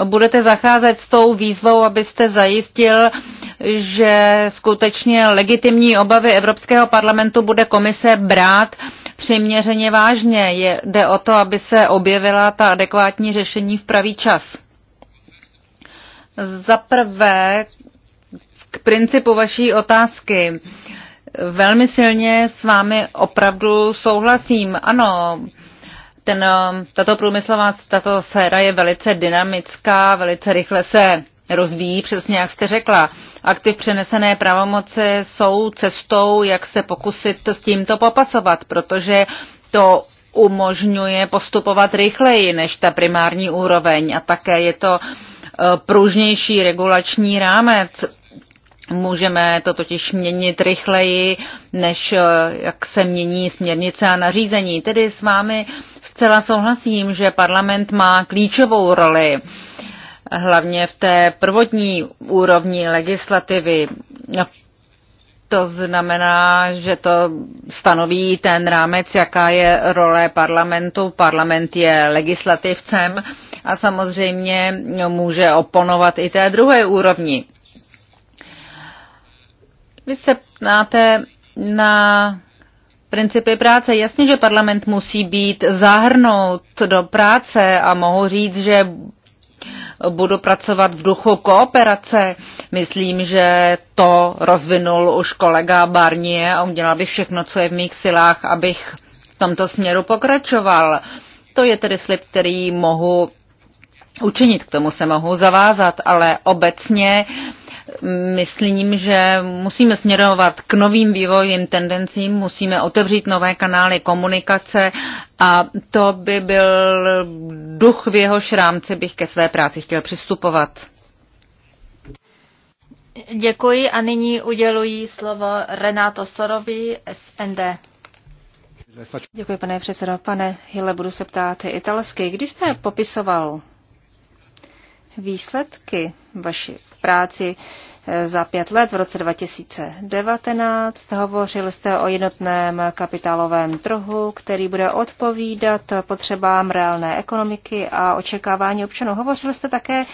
budete zacházet s tou výzvou, abyste zajistil, že skutečně legitimní obavy Evropského parlamentu bude komise brát přiměřeně vážně. Je, jde o to, aby se objevila ta adekvátní řešení v pravý čas. Za prvé, k principu vaší otázky. Uh, velmi silně s vámi opravdu souhlasím. Ano, ten, um, tato průmyslová, tato sféra je velice dynamická, velice rychle se rozvíjí, přesně jak jste řekla. Aktiv přenesené pravomoce jsou cestou, jak se pokusit s tímto popasovat, protože to umožňuje postupovat rychleji než ta primární úroveň a také je to eh, pružnější regulační rámec Můžeme to totiž měnit rychleji, než eh, jak se mění směrnice a nařízení. Tedy s vámi zcela souhlasím, že parlament má klíčovou roli, hlavně v té prvotní úrovni legislativy. To znamená, že to stanoví ten rámec, jaká je role parlamentu. Parlament je legislativcem a samozřejmě může oponovat i té druhé úrovni vy se ptáte na principy práce. Jasně, že parlament musí být zahrnout do práce a mohu říct, že budu pracovat v duchu kooperace. Myslím, že to rozvinul už kolega Barnier a udělal bych všechno, co je v mých silách, abych v tomto směru pokračoval. To je tedy slib, který mohu učinit, k tomu se mohu zavázat, ale obecně Myslím, že musíme směrovat k novým vývojím tendencím, musíme otevřít nové kanály komunikace a to by byl duch v jeho šrámci, bych ke své práci chtěl přistupovat. Děkuji a nyní uděluji slovo Renato Sorovi, SND. Děkuji, pane předsedo. Pane Hille, budu se ptát italsky. Když jste popisoval výsledky vaši, práci eh, za pět let v roce 2019. Hovořil jste o jednotném kapitálovém trhu, který bude odpovídat potřebám reálné ekonomiky a očekávání občanů. Hovořil jste také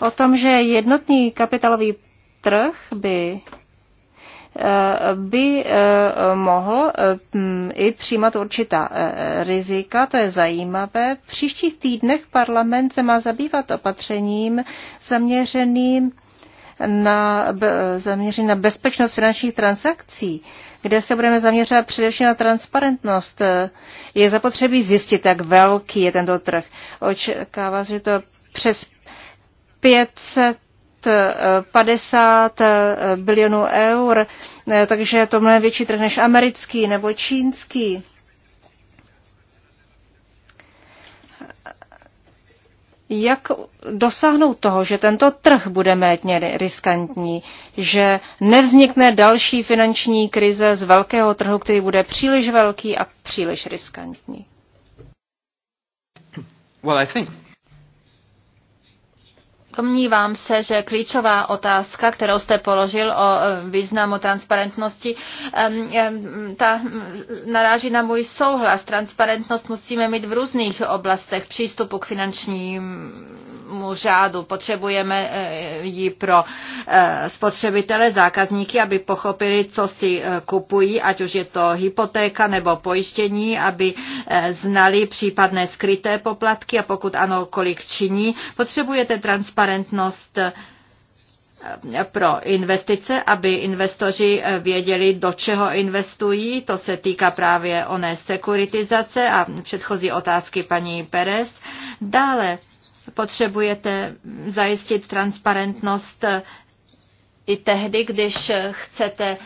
o tom, že jednotný kapitálový trh by eh, by eh, mohl i přijímat určitá rizika, to je zajímavé. V příštích týdnech parlament se má zabývat opatřením zaměřeným na, zaměří na bezpečnost finančních transakcí, kde se budeme zaměřovat především na transparentnost. Je zapotřebí zjistit, jak velký je tento trh. Očekává se, že to přes 500 50 eh, bilionů eur, eh, takže je to mnohem větší trh než americký nebo čínský. jak dosáhnout toho, že tento trh bude méně riskantní, že nevznikne další finanční krize z velkého trhu, který bude příliš velký a příliš riskantní? Well, I think Domnívám se, že klíčová otázka, kterou jste položil o e, významu transparentnosti, ta naráží na můj souhlas. Transparentnost musíme mít v různých oblastech přístupu k finančnímu řádu. Potřebujeme e, ji pro e, spotřebitele, zákazníky, aby pochopili, co si kupují, ať už je to hypotéka nebo pojištění, aby znali případné skryté poplatky a pokud ano, kolik činí. Potřebujete transparentnost transparentnost eh, pro investice, aby investoři eh, věděli, do čeho investují. To se týká právě oné sekuritizace a předchozí otázky paní Perez. Dále potřebujete zajistit transparentnost eh, i tehdy, když chcete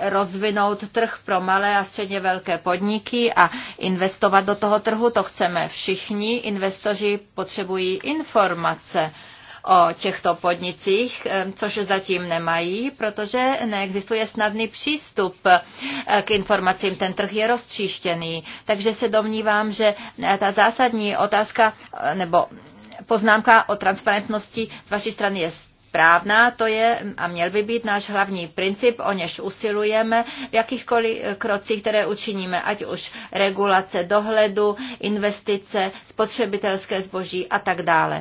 rozvinout trh pro malé a středně velké podniky a investovat do toho trhu, to chceme všichni. Investoři potřebují informace o těchto podnicích, což zatím nemají, protože neexistuje snadný přístup eh, k informacím. Ten trh je roztříštěný. Takže se domnívám, že eh, ta zásadní otázka eh, nebo poznámka o transparentnosti z vaší strany je správná, to je a měl by být náš hlavní princip, o něž usilujeme v jakýchkoliv krocích, které učiníme, ať už regulace dohledu, investice, spotřebitelské zboží a tak dále.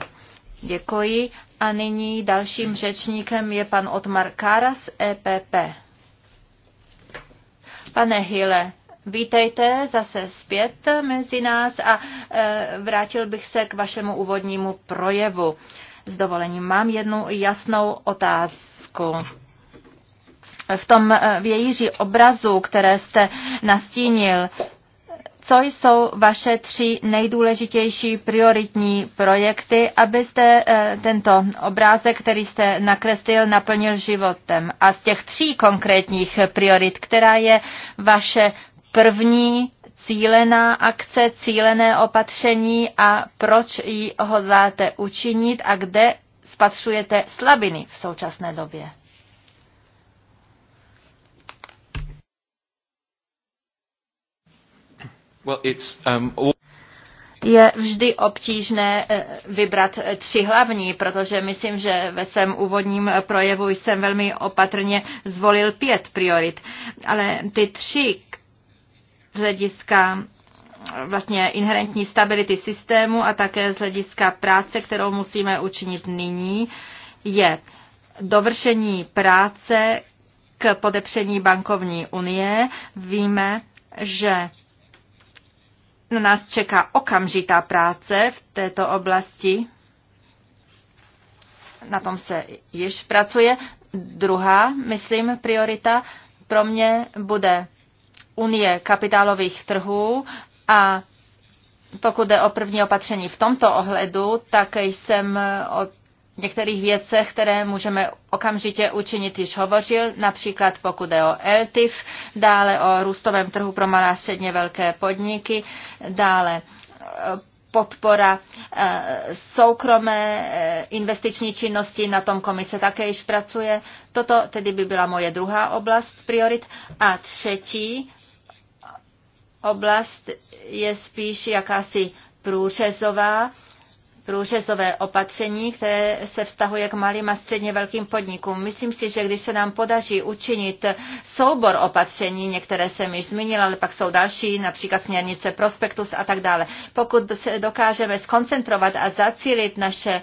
Děkuji. A nyní dalším řečníkem je pan Otmar Karas, EPP. Pane Hile, vítejte zase zpět mezi nás a e, vrátil bych se k vašemu úvodnímu projevu. S dovolením mám jednu jasnou otázku v tom e, vějíři obrazu, které jste nastínil, co jsou vaše tři nejdůležitější prioritní projekty, abyste eh, tento obrázek, který jste nakreslil, naplnil životem. A z těch tří konkrétních priorit, která je vaše první cílená akce, cílené opatření a proč ji hodláte učinit a kde spatřujete slabiny v současné době? Um, je vždy obtížné eh, vybrat eh, tři hlavní, protože myslím, že ve svém úvodním projevu jsem velmi opatrně zvolil pět priorit. Ale ty tři z hlediska eh, vlastně inherentní stability systému a také z hlediska práce, kterou musíme učinit nyní, je dovršení práce k podepření bankovní unie. Víme, že na nás čeká okamžitá práce v této oblasti. Na tom se již pracuje. Druhá, myslím, priorita pro mě bude Unie kapitálových trhů a pokud jde o první opatření v tomto ohledu, tak jsem od některých věcech, které můžeme okamžitě učinit, již hovořil, například pokud je o LTIF, dále o růstovém trhu pro malé a středně velké podniky, dále eh, podpora eh, soukromé eh, investiční činnosti, na tom komise také již pracuje. Toto tedy by byla moje druhá oblast priorit. A třetí oblast je spíš jakási průřezová průřezové opatření, které se vztahuje k malým a středně velkým podnikům. Myslím si, že když se nám podaří učinit soubor opatření, některé jsem již zmínila, ale pak jsou další, například směrnice prospektus a tak dále. Pokud se dokážeme skoncentrovat a zacílit naše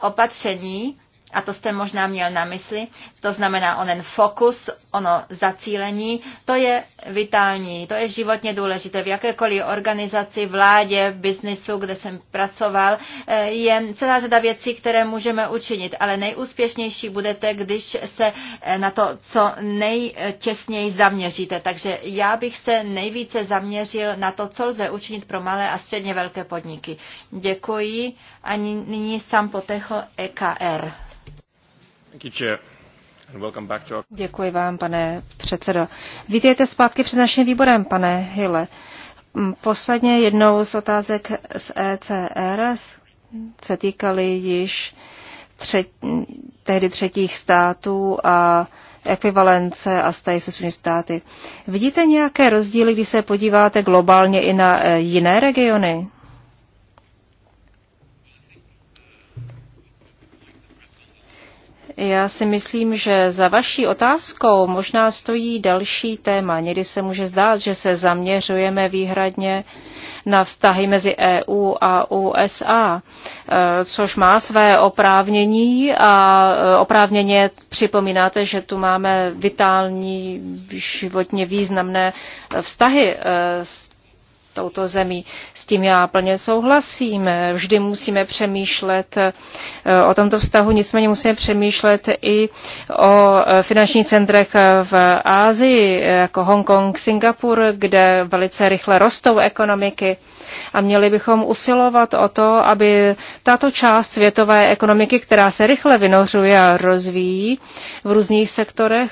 opatření, a to jste možná měl na mysli, to znamená onen fokus, ono zacílení, to je vitální, to je životně důležité. V jakékoliv organizaci, vládě, v biznisu, kde jsem pracoval, eh, je celá řada věcí, které můžeme učinit, ale nejúspěšnější budete, když se eh, na to co nejtěsněji zaměříte. Takže já bych se nejvíce zaměřil na to, co lze učinit pro malé a středně velké podniky. Děkuji a nyní sám potecho EKR. Thank you, Chair. Děkuji vám, pane předsedo. Vítejte zpátky před naším výborem, pane Hille. Posledně jednou z otázek z ECR se týkaly již třet, tehdy třetích států a ekvivalence a stají se svými státy. Vidíte nějaké rozdíly, když se podíváte globálně i na e, jiné regiony? Já si myslím, že za vaší otázkou možná stojí další téma. Někdy se může zdát, že se zaměřujeme výhradně na vztahy mezi EU a USA, e, což má své oprávnění a e, oprávněně připomínáte, že tu máme vitální, životně významné vztahy e, s touto zemí. S tím já plně souhlasím. Vždy musíme přemýšlet eh, o tomto vztahu, nicméně musíme přemýšlet i o eh, finančních centrech eh, v Ázii, jako Hongkong, Singapur, kde velice rychle rostou ekonomiky. A měli bychom usilovat o to, aby tato část světové ekonomiky, která se rychle vynořuje a rozvíjí v různých sektorech,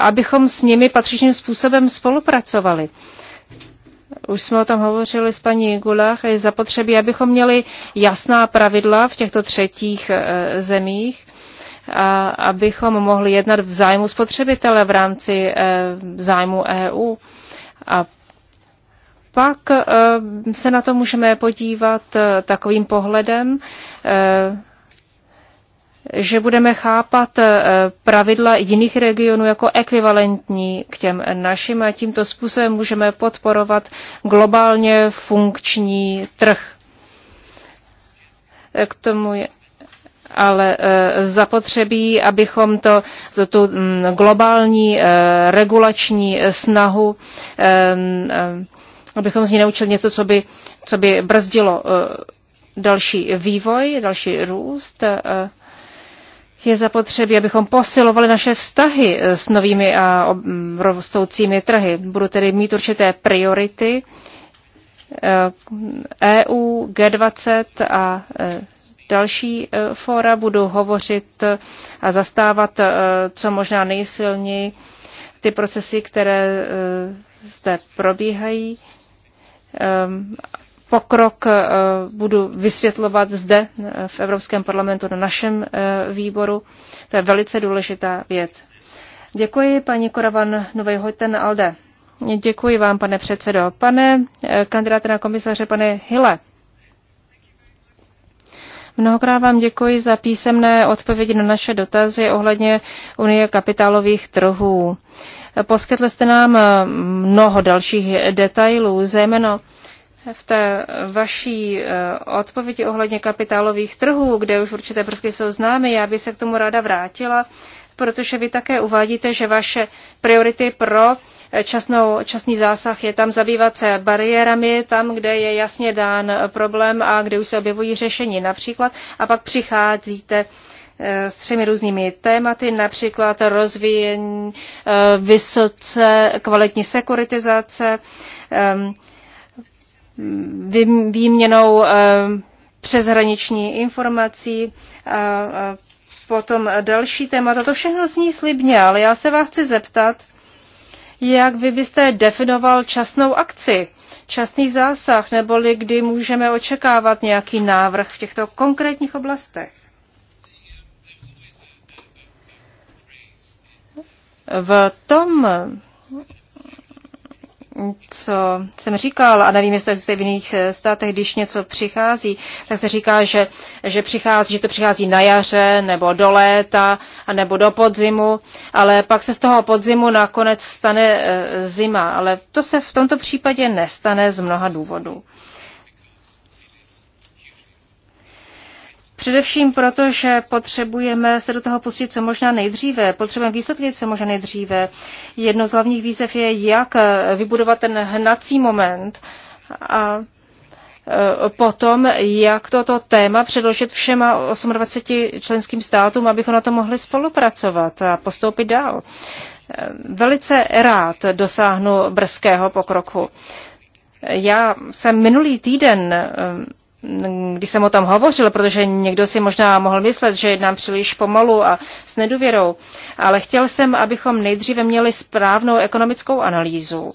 abychom s nimi patřičným způsobem spolupracovali už jsme o tom hovořili s paní Gulach, je zapotřebí, abychom měli jasná pravidla v těchto třetích e, zemích, a abychom mohli jednat v zájmu spotřebitele v rámci e, zájmu EU. A pak e, se na to můžeme podívat takovým pohledem, že budeme chápat eh, pravidla jiných regionů jako ekvivalentní k těm našim a tímto způsobem můžeme podporovat globálně funkční trh. Eh, k tomu je ale eh, zapotřebí, abychom to, to tu mm, globální regulační snahu, abychom z ní naučili něco, co by, co by brzdilo další vývoj, další růst je zapotřebí, abychom posilovali naše vztahy eh, s novými a mm, rostoucími trhy. Budu tedy mít určité priority EU, eh, e G20 a eh, další fóra. Budu hovořit a zastávat co možná nejsilněji ty procesy, které zde probíhají ehm, pokrok eh, budu vysvětlovat zde eh, v Evropském parlamentu na našem eh, výboru. To je velice důležitá věc. Děkuji paní Koravan Novejhojten Alde. Děkuji vám, pane předsedo. Pane kandidáte na komisaře, pane Hille. Mnohokrát vám děkuji za písemné odpovědi na naše dotazy ohledně Unie kapitálových trhů. Poskytli jste nám mnoho dalších detailů, zejména v té vaší eh, odpovědi ohledně kapitálových trhů, kde už určité prvky jsou známy, já bych se k tomu ráda vrátila, protože vy také uvádíte, že vaše priority pro eh, časnou, časný zásah je tam zabývat se bariérami, tam, kde je jasně dán problém a kde už se objevují řešení například. A pak přicházíte eh, s třemi různými tématy, například rozvíjení vysoce kvalitní sekuritizace, ehm, výměnou eh, přeshraniční informací a potom další téma. To všechno zní slibně, ale já se vás chci zeptat, jak vy byste definoval časnou akci, časný zásah, neboli kdy můžeme očekávat nějaký návrh v těchto konkrétních oblastech? V tom co jsem říkal, a nevím, jestli se v jiných eh, státech, když něco přichází, tak se říká, že, že, přichází, že to přichází na jaře, nebo do léta, nebo do podzimu, ale pak se z toho podzimu nakonec stane eh, zima. Ale to se v tomto případě nestane z mnoha důvodů. Především proto, že potřebujeme se do toho pustit co možná nejdříve, potřebujeme výsledky co možná nejdříve. Jedno z hlavních výzev je, jak vybudovat ten hnací moment a e, potom, jak toto téma předložit všema 28 členským státům, abychom na to mohli spolupracovat a postoupit dál. E, velice rád dosáhnu brzkého pokroku. Já jsem minulý týden e, když jsem o tom hovořil, protože někdo si možná mohl myslet, že jednám příliš pomalu a s nedůvěrou, ale chtěl jsem, abychom nejdříve měli správnou ekonomickou analýzu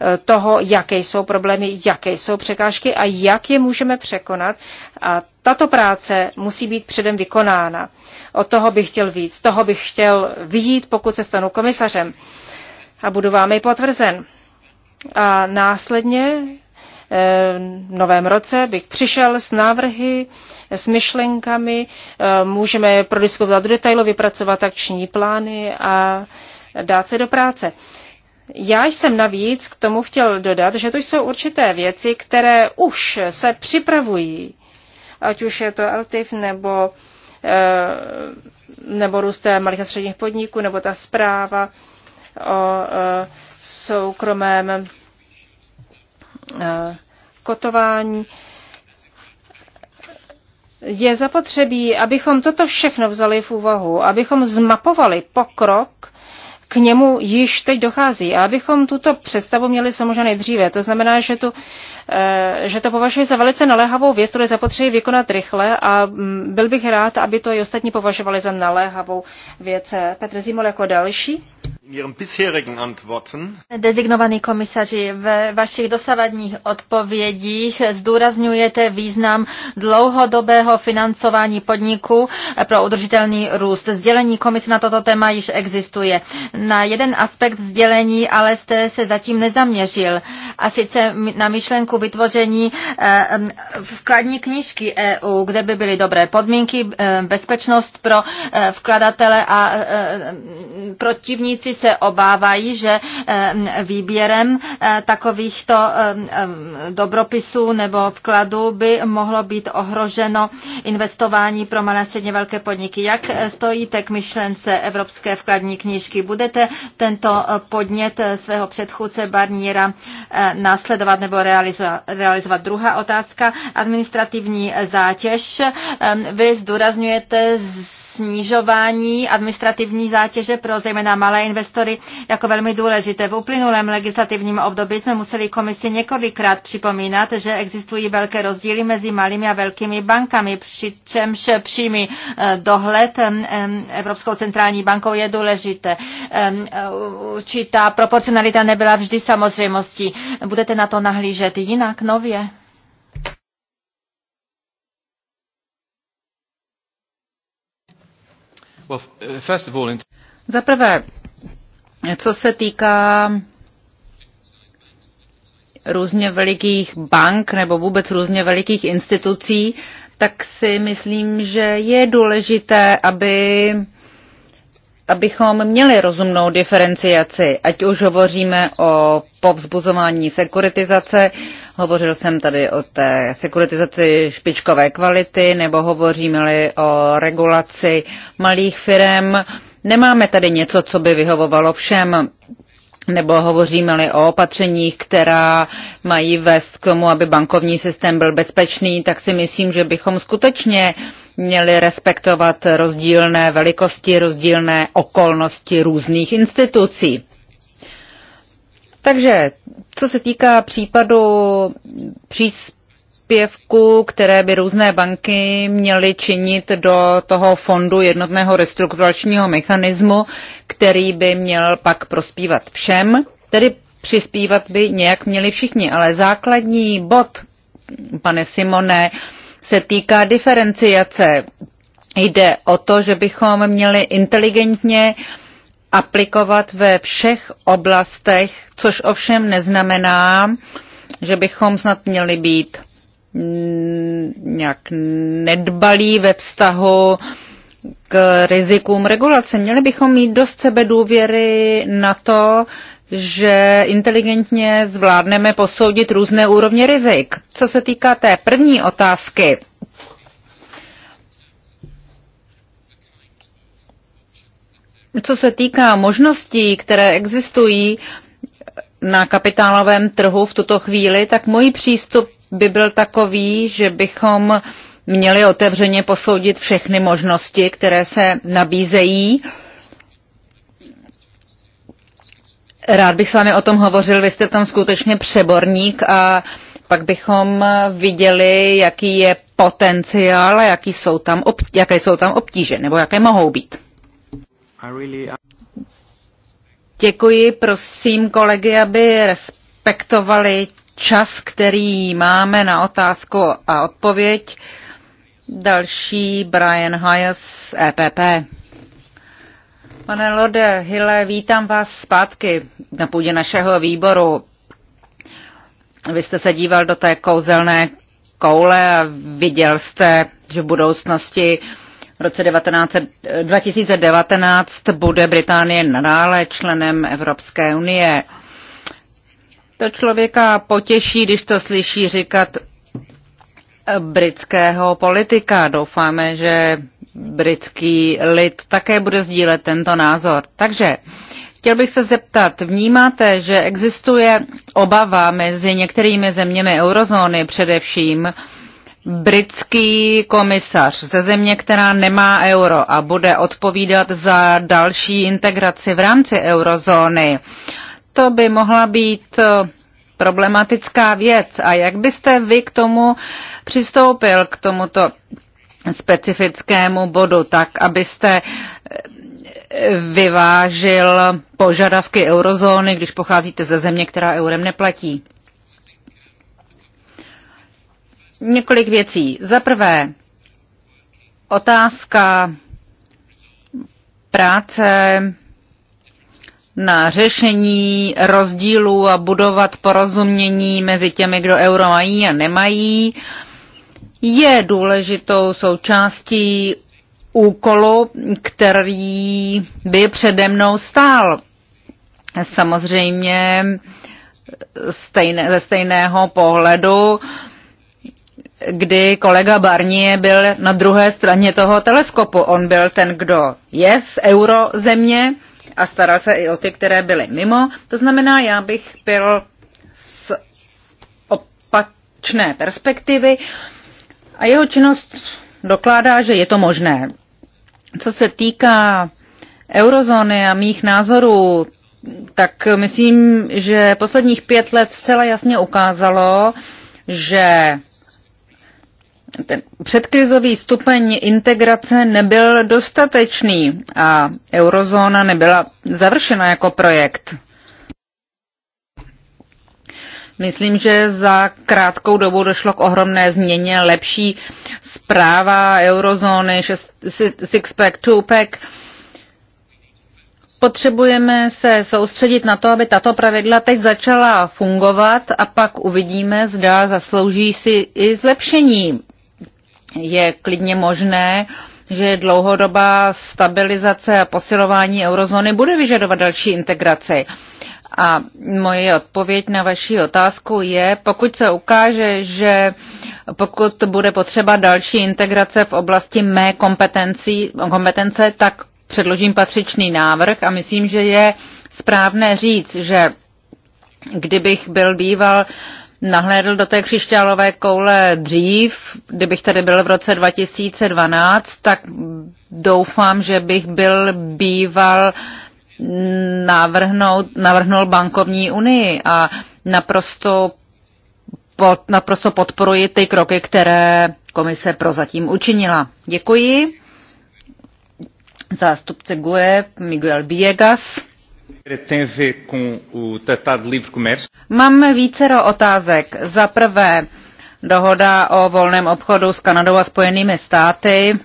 eh, toho, jaké jsou problémy, jaké jsou překážky a jak je můžeme překonat. A tato práce musí být předem vykonána. Od toho bych chtěl víc, toho bych chtěl vidět, pokud se stanu komisařem. A budu vám i potvrzen. A následně novém roce bych přišel s návrhy, s myšlenkami, e, můžeme prodiskutovat do detailu, vypracovat akční plány a dát se do práce. Já jsem navíc k tomu chtěl dodat, že to jsou určité věci, které už se připravují, ať už je to LTIF nebo, e, nebo růst malých a středních podniků, nebo ta zpráva o e, soukromém Eh, kotování. Je zapotřebí, abychom toto všechno vzali v úvahu, abychom zmapovali pokrok, k němu již teď dochází a abychom tuto představu měli samozřejmě nejdříve. To znamená, že, tu, eh, že to považuji za velice naléhavou věc, kterou je zapotřebí vykonat rychle a mm, byl bych rád, aby to i ostatní považovali za naléhavou věc. Petr Zimol jako další. Dezignovaný komisaři, ve vašich dosavadních odpovědích zdůrazňujete význam dlouhodobého financování podniků pro udržitelný růst. Sdělení komise na toto téma již existuje. Na jeden aspekt sdělení ale jste se zatím nezaměřil, a sice na myšlenku vytvoření eh, vkladní knížky EU, kde by byly dobré podmínky, eh, bezpečnost pro eh, vkladatele a protivníci se obávají, že výběrem eh, takovýchto dobropisů nebo vkladů by mohlo být ohroženo investování pro malé a středně velké podniky. Jak stojíte k myšlence Evropské vkladní knížky? Budete tento eh, podnět eh, svého předchůdce Barniera následovat nebo realizovat? realizovat? Druhá otázka, administrativní zátěž. Vy zdůrazňujete z snižování administrativní zátěže pro zejména malé investory jako velmi důležité. V uplynulém legislativním období jsme museli komisi několikrát připomínat, že existují velké rozdíly mezi malými a velkými bankami, přičemž přímý eh, dohled eh, Evropskou centrální bankou je důležité. Eh, určitá proporcionalita nebyla vždy samozřejmostí. Budete na to nahlížet jinak nově? Za prvé, co se týká různě velikých bank nebo vůbec různě velikých institucí, tak si myslím, že je důležité, aby, abychom měli rozumnou diferenciaci, ať už hovoříme o povzbuzování sekuritizace, Hovořil jsem tady o té sekuritizaci špičkové kvality, nebo hovoříme-li o regulaci malých firm. Nemáme tady něco, co by vyhovovalo všem, nebo hovoříme-li o opatřeních, která mají vést k tomu, aby bankovní systém byl bezpečný, tak si myslím, že bychom skutečně měli respektovat rozdílné velikosti, rozdílné okolnosti různých institucí. Takže co se týká případu příspěvku, které by různé banky měly činit do toho fondu jednotného restrukturačního mechanismu, který by měl pak prospívat všem, tedy přispívat by nějak měli všichni, ale základní bod, pane Simone, se týká diferenciace. Jde o to, že bychom měli inteligentně uh, aplikovat ve všech oblastech, což ovšem neznamená, že bychom snad měli být mm, nějak nedbalí ve vztahu k rizikům regulace. Měli bychom mít dost sebe důvěry na to, že inteligentně zvládneme posoudit různé úrovně rizik. Co se týká té první otázky, Co se týká možností, které existují na kapitálovém trhu v tuto chvíli, tak můj přístup by byl takový, že bychom měli otevřeně posoudit všechny možnosti, které se nabízejí. Rád bych s vámi o tom hovořil, vy jste tam skutečně přeborník a pak bychom viděli, jaký je potenciál a jaký jsou tam, jaké jsou tam obtíže, nebo jaké mohou být. Uh, Děkuji, prosím kolegy, aby respektovali čas, který máme na otázku a odpověď. Další Brian Hayes, EPP. Pane Lode Hille, vítám vás zpátky na půdě našeho výboru. Vy jste se díval do té kouzelné koule a viděl jste, že v budoucnosti v roce 2019 bude Británie nadále členem Evropské unie. To člověka potěší, když to slyší říkat britského politika. Doufáme, že britský lid také bude sdílet tento názor. Takže chtěl bych se zeptat, vnímáte, že existuje obava mezi některými zeměmi eurozóny především, britský komisař ze země, která nemá euro a bude odpovídat za další integraci v rámci eurozóny. To by mohla být eh, problematická věc. A jak byste vy k tomu přistoupil, k tomuto specifickému bodu, tak abyste eh, vyvážil požadavky eurozóny, když pocházíte ze země, která eurem neplatí? Několik věcí. Za prvé, otázka práce na řešení rozdílů a budovat porozumění mezi těmi, kdo euro mají a nemají, je důležitou součástí úkolu, který by přede mnou stál. Samozřejmě stejné, ze stejného pohledu kdy kolega Barnier byl na druhé straně toho teleskopu. On byl ten, kdo je z eurozemě a staral se i o ty, které byly mimo. To znamená, já bych byl z opačné perspektivy a jeho činnost dokládá, že je to možné. Co se týká eurozóny a mých názorů, tak myslím, že posledních pět let zcela jasně ukázalo, že ten předkrizový stupeň integrace nebyl dostatečný a eurozóna nebyla završena jako projekt. Myslím, že za krátkou dobu došlo k ohromné změně, lepší zpráva eurozóny, six-pack, two-pack. Potřebujeme se soustředit na to, aby tato pravidla teď začala fungovat a pak uvidíme, zda zaslouží si i zlepšení je klidně možné, že dlouhodobá stabilizace a posilování eurozóny bude vyžadovat další integraci. A moje odpověď na vaši otázku je, pokud se ukáže, že pokud bude potřeba další integrace v oblasti mé kompetencí, kompetence, tak předložím patřičný návrh a myslím, že je správné říct, že kdybych byl býval nahlédl do té křišťálové koule dřív, kdybych tady byl v roce 2012, tak doufám, že bych byl býval navrhnout, navrhnul bankovní unii a naprosto, pod, naprosto podporuji ty kroky, které komise prozatím učinila. Děkuji. Zástupce GUE Miguel Viegas. Mám vícero otázek. Za prvé, dohoda o volném obchodu s Kanadou a Spojenými státy,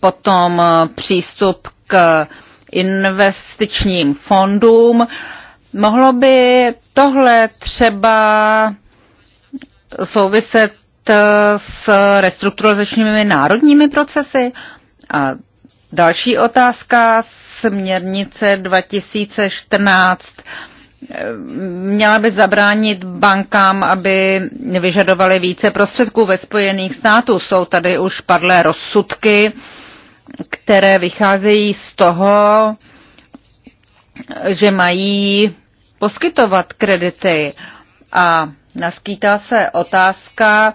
potom eh, přístup k investičním fondům. Mohlo by tohle třeba souviset eh, s restrukturalizačními národními procesy? A Další otázka, směrnice 2014 měla by zabránit bankám, aby vyžadovaly více prostředků ve Spojených států. Jsou tady už padlé rozsudky, které vycházejí z toho, že mají poskytovat kredity. A naskýtá se otázka,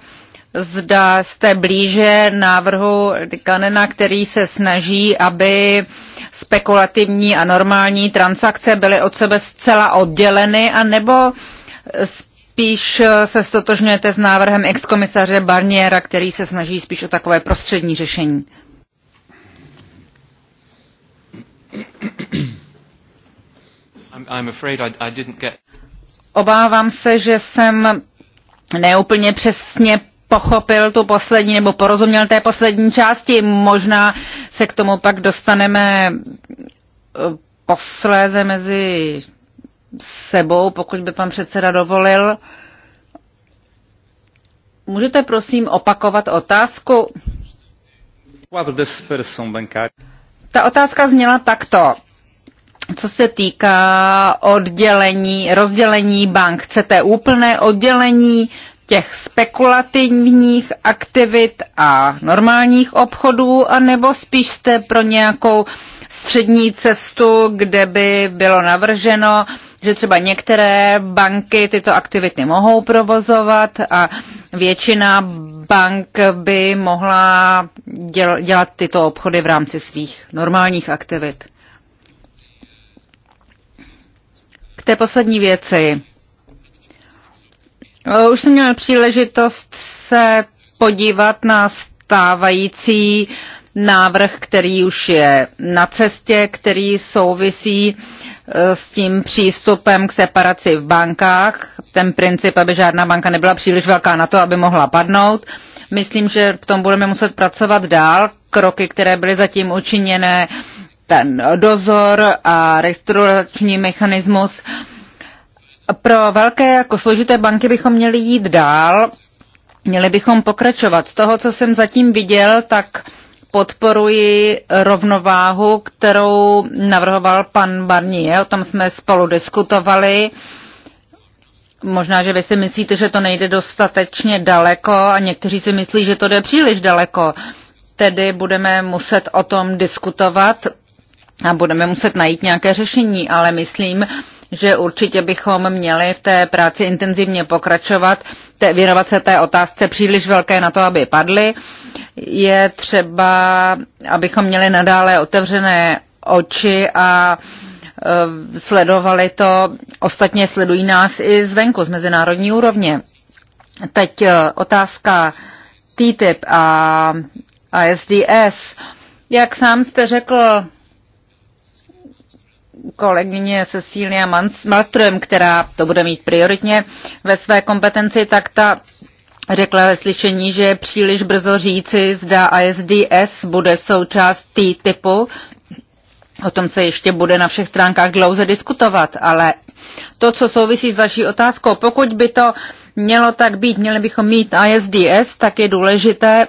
zda jste blíže návrhu Kanena, který se snaží, aby spekulativní a normální transakce byly od sebe zcela odděleny, anebo spíš se stotožňujete s návrhem exkomisaře Barniera, který se snaží spíš o takové prostřední řešení? I'm afraid I, I didn't get... Obávám se, že jsem neúplně přesně pochopil tu poslední nebo porozuměl té poslední části. Možná se k tomu pak dostaneme eh, posléze mezi sebou, pokud by pan předseda dovolil. Můžete prosím opakovat otázku? Ta otázka zněla takto. Co se týká oddělení, rozdělení bank, chcete úplné oddělení těch spekulativních aktivit a normálních obchodů, anebo spíš jste pro nějakou střední cestu, kde by bylo navrženo, že třeba některé banky tyto aktivity mohou provozovat a většina bank by mohla dělat tyto obchody v rámci svých normálních aktivit. K té poslední věci. Eh, už jsem měl příležitost se podívat na stávající návrh, který už je na cestě, který souvisí eh, s tím přístupem k separaci v bankách. Ten princip, aby žádná banka nebyla příliš velká na to, aby mohla padnout. Myslím, že v tom budeme muset pracovat dál. Kroky, které byly zatím učiněné, ten dozor a restrukturační mechanismus, pro velké jako složité banky bychom měli jít dál, měli bychom pokračovat. Z toho, co jsem zatím viděl, tak podporuji rovnováhu, kterou navrhoval pan Barnier, o tom jsme spolu diskutovali. Možná, že vy si myslíte, že to nejde dostatečně daleko a někteří si myslí, že to jde příliš daleko. Tedy budeme muset o tom diskutovat a budeme muset najít nějaké řešení, ale myslím, že určitě bychom měli v té práci intenzivně pokračovat, te, věnovat se té otázce příliš velké na to, aby padly. Je třeba, abychom měli nadále otevřené oči a e, sledovali to. Ostatně sledují nás i zvenku, z mezinárodní úrovně. Teď e, otázka TTIP a, ASDS. Jak sám jste řekl, kolegyně Cecília Malström, která to bude mít prioritně ve své kompetenci, tak ta řekla ve slyšení, že je příliš brzo říci, zda ISDS bude součást T-typu. O tom se ještě bude na všech stránkách dlouze diskutovat, ale to, co souvisí s vaší otázkou, pokud by to mělo tak být, měli bychom mít ISDS, tak je důležité,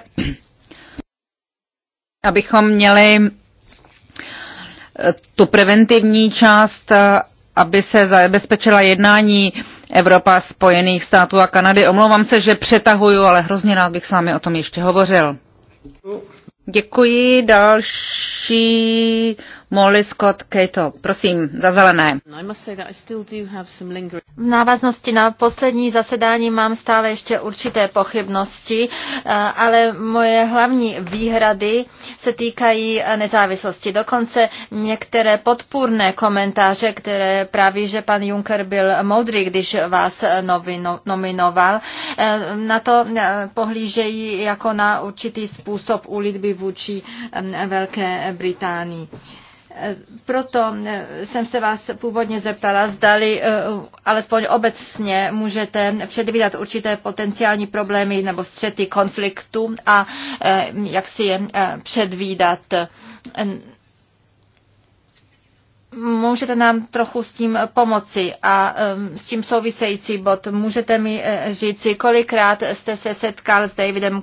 [CLEARS THROAT] abychom měli tu preventivní část, aby se zabezpečila jednání Evropa, Spojených států a Kanady. Omlouvám se, že přetahuju, ale hrozně rád bych s vámi o tom ještě hovořil. Děkuji. Další Molly Scott Cato. Prosím, za zelené. No, v návaznosti na poslední zasedání mám stále ještě určité pochybnosti, eh, ale moje hlavní výhrady se týkají eh, nezávislosti. Dokonce některé podpůrné komentáře, které praví, že pan Juncker byl moudrý, když vás eh, novino, nominoval, na to pohlížejí jako na určitý způsob ulitby vůči Velké Británii. Proto eh, jsem se vás původně zeptala, zdali eh, alespoň obecně můžete předvídat určité potenciální problémy nebo střety konfliktu a eh, jak si je předvídat můžete nám trochu s tím pomoci a s tím související bod. Můžete mi eh, říci, kolikrát jste se setkal s Davidem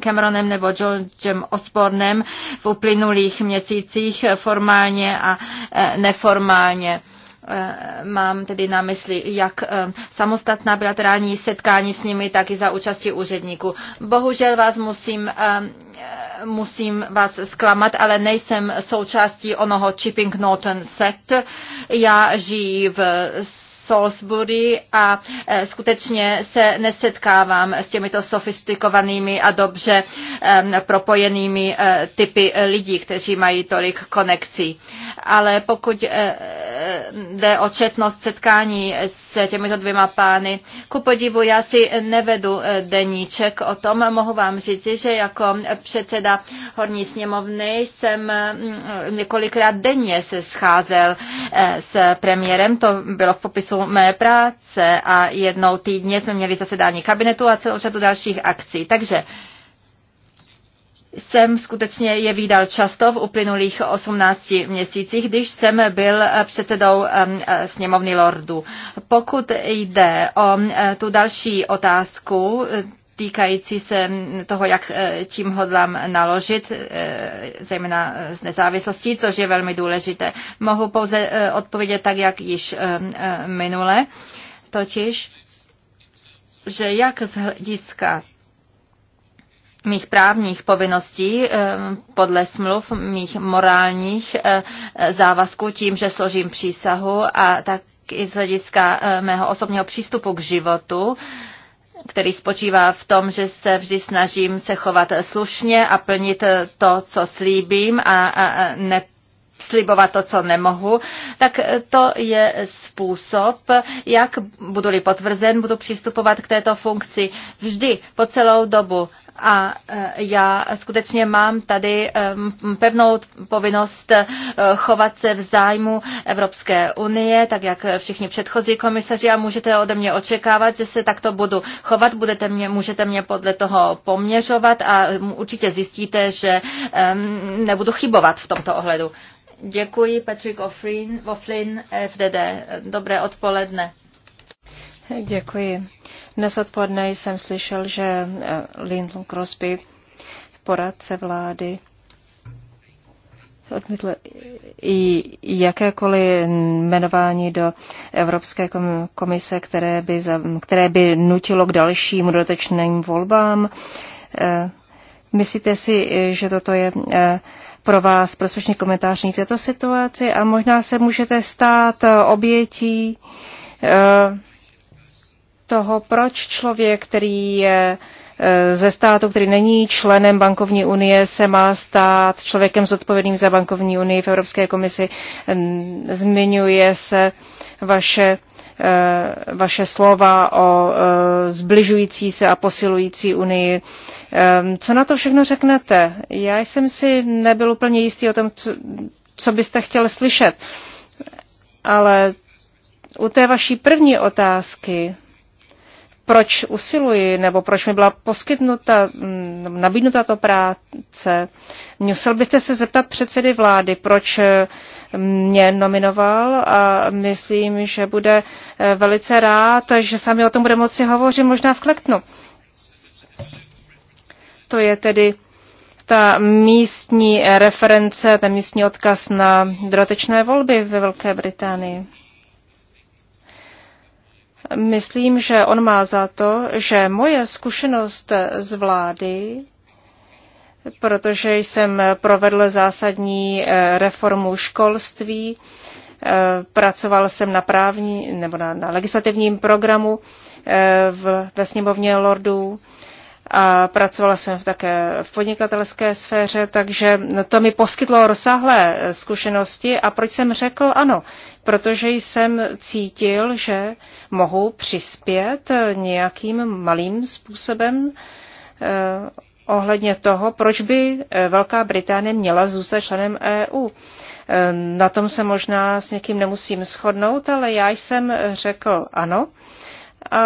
Cameronem nebo Georgem Osbornem v uplynulých měsících formálně a eh, neformálně. Eh, mám tedy na mysli jak eh, samostatná bilaterální setkání s nimi, tak i za účasti úředníků. Bohužel vás musím, eh, musím vás zklamat, ale nejsem součástí onoho Chipping Norton set. Já žiji v Salisbury a e, skutečně se nesetkávám s těmito sofistikovanými a dobře propojenými e, typy e, lidí, kteří mají tolik konekcí. Ale pokud jde o četnost setkání s těmito dvěma pány, ku podivu já si nevedu deníček o tom. Mohu vám říct, že jako předseda horní sněmovny jsem mm, několikrát denně se scházel s premiérem, to bylo v popisu času mé práce a jednou týdně jsme měli zasedání kabinetu a celou řadu dalších akcí. Takže jsem skutečně je výdal často v uplynulých 18 měsících, když jsem byl předsedou sněmovny lordu. Pokud jde o tu další otázku, týkající se toho, jak tím eh, hodlám naložit, eh, zejména s nezávislostí, což je velmi důležité. Mohu pouze eh, odpovědět tak, jak již minule, totiž, že jak z hlediska mých právních povinností podle smluv, mých morálních závazků tím, že složím přísahu a tak i z hlediska mého osobního přístupu k životu, který spočívá v tom, že se vždy snažím se chovat slušně a plnit to, co slíbím a, a ne slibovat to, co nemohu, tak to je způsob, jak budu-li potvrzen, budu přistupovat k této funkci vždy po celou dobu a e, já skutečně mám tady e, pevnou povinnost e, chovat se v zájmu Evropské unie, tak jak všichni předchozí komisaři a můžete ode mě očekávat, že se takto budu chovat, budete mě, můžete mě podle toho poměřovat a určitě zjistíte, že nebudu chybovat v tomto ohledu. Děkuji, Patrick O'Flynn, FDD. Dobré odpoledne. Děkuji. Dnes odpoledne jsem slyšel, že eh, Lyndon Crosby, poradce vlády, odmítl i jakékoliv jmenování do Evropské komise, které by, za, které by nutilo k dalším dodatečným volbám. Eh, myslíte si, že toto je eh, pro vás prospěšný komentářní této situaci a možná se můžete stát obětí toho, proč člověk, který je e, ze státu, který není členem bankovní unie, se má stát člověkem zodpovědným za bankovní unii v Evropské komisi. Zmiňuje se vaše, e, vaše slova o e, zbližující se a posilující unii. Co na to všechno řeknete? Já jsem si nebyl úplně jistý o tom, co byste chtěl slyšet. Ale u té vaší první otázky proč usiluji, nebo proč mi byla poskytnuta, mm, nabídnuta to práce. Musel byste se zeptat předsedy vlády, proč eh, mě nominoval a myslím, že bude eh, velice rád, že sami o tom bude moci hovořit možná v Klektnu. To je tedy ta místní reference, ten místní odkaz na dodatečné volby ve Velké Británii. Myslím, že on má za to, že moje zkušenost z vlády, protože jsem provedl zásadní eh, reformu školství, eh, pracoval jsem na právní nebo na, na legislativním programu eh, v, ve sněmovně lordů, a pracovala jsem také v podnikatelské sféře, takže to mi poskytlo rozsáhlé zkušenosti. A proč jsem řekl ano? Protože jsem cítil, že mohu přispět nějakým malým způsobem eh, ohledně toho, proč by eh, Velká Británie měla zůstat členem EU. Eh, na tom se možná s někým nemusím shodnout, ale já jsem řekl ano. A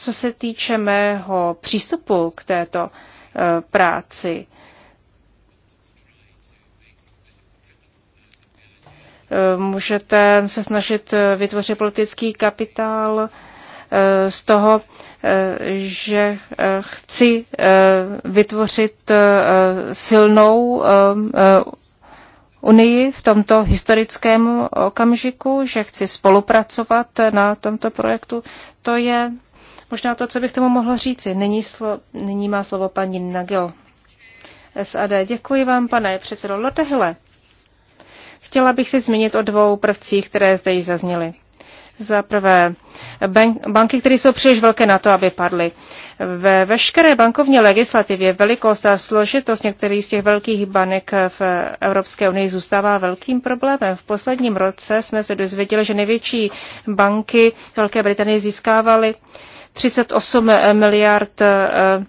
co se týče mého přístupu k této eh, práci, eh, můžete se snažit eh, vytvořit politický kapitál z toho, že chci vytvořit silnou Unii v tomto historickém okamžiku, že chci spolupracovat na tomto projektu. To je Možná to, co bych tomu mohla říci. Nyní, slo, nyní má slovo paní Nagel. SAD. Děkuji vám, pane předsedo Lotehle. Chtěla bych se zmínit o dvou prvcích, které zde již zazněly. Za prvé, banky, které jsou příliš velké na to, aby padly. Ve veškeré bankovní legislativě velikost a složitost některých z těch velkých banek v Evropské unii zůstává velkým problémem. V posledním roce jsme se dozvěděli, že největší banky Velké Británie získávaly 38 eh, miliard eh,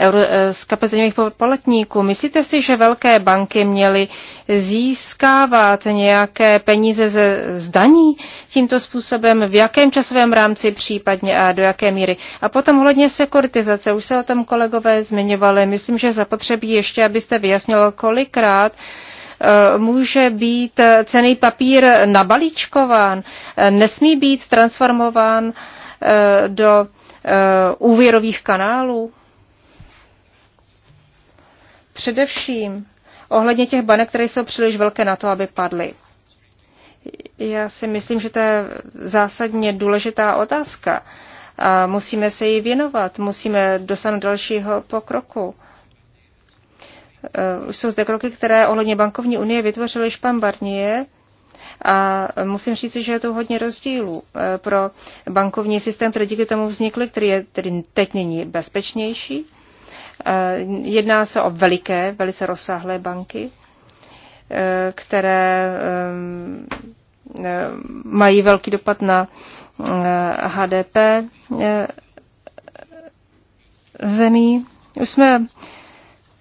eur eh, z kapezeněvých poplatníků. Myslíte si, že velké banky měly získávat nějaké peníze ze zdaní tímto způsobem? V jakém časovém rámci případně a do jaké míry? A potom hledně sekuritizace. Už se o tom kolegové zmiňovali. Myslím, že zapotřebí ještě, abyste vyjasnil, kolikrát může být cený papír nabalíčkován, nesmí být transformován uh, Eh, do eh, úvěrových kanálů? Především ohledně těch banek, které jsou příliš velké na to, aby padly. Já si myslím, že to je zásadně důležitá otázka. A musíme se jí věnovat, musíme dosáhnout dalšího pokroku. Eh, už jsou zde kroky, které ohledně bankovní unie vytvořil již pan Barnier a musím říct, že je to hodně rozdílů eh, pro bankovní systém, který díky tomu vznikl, který je tedy teď není bezpečnější. Eh, jedná se o veliké, velice rozsáhlé banky, eh, které mají velký dopad na HDP zemí. Už jsme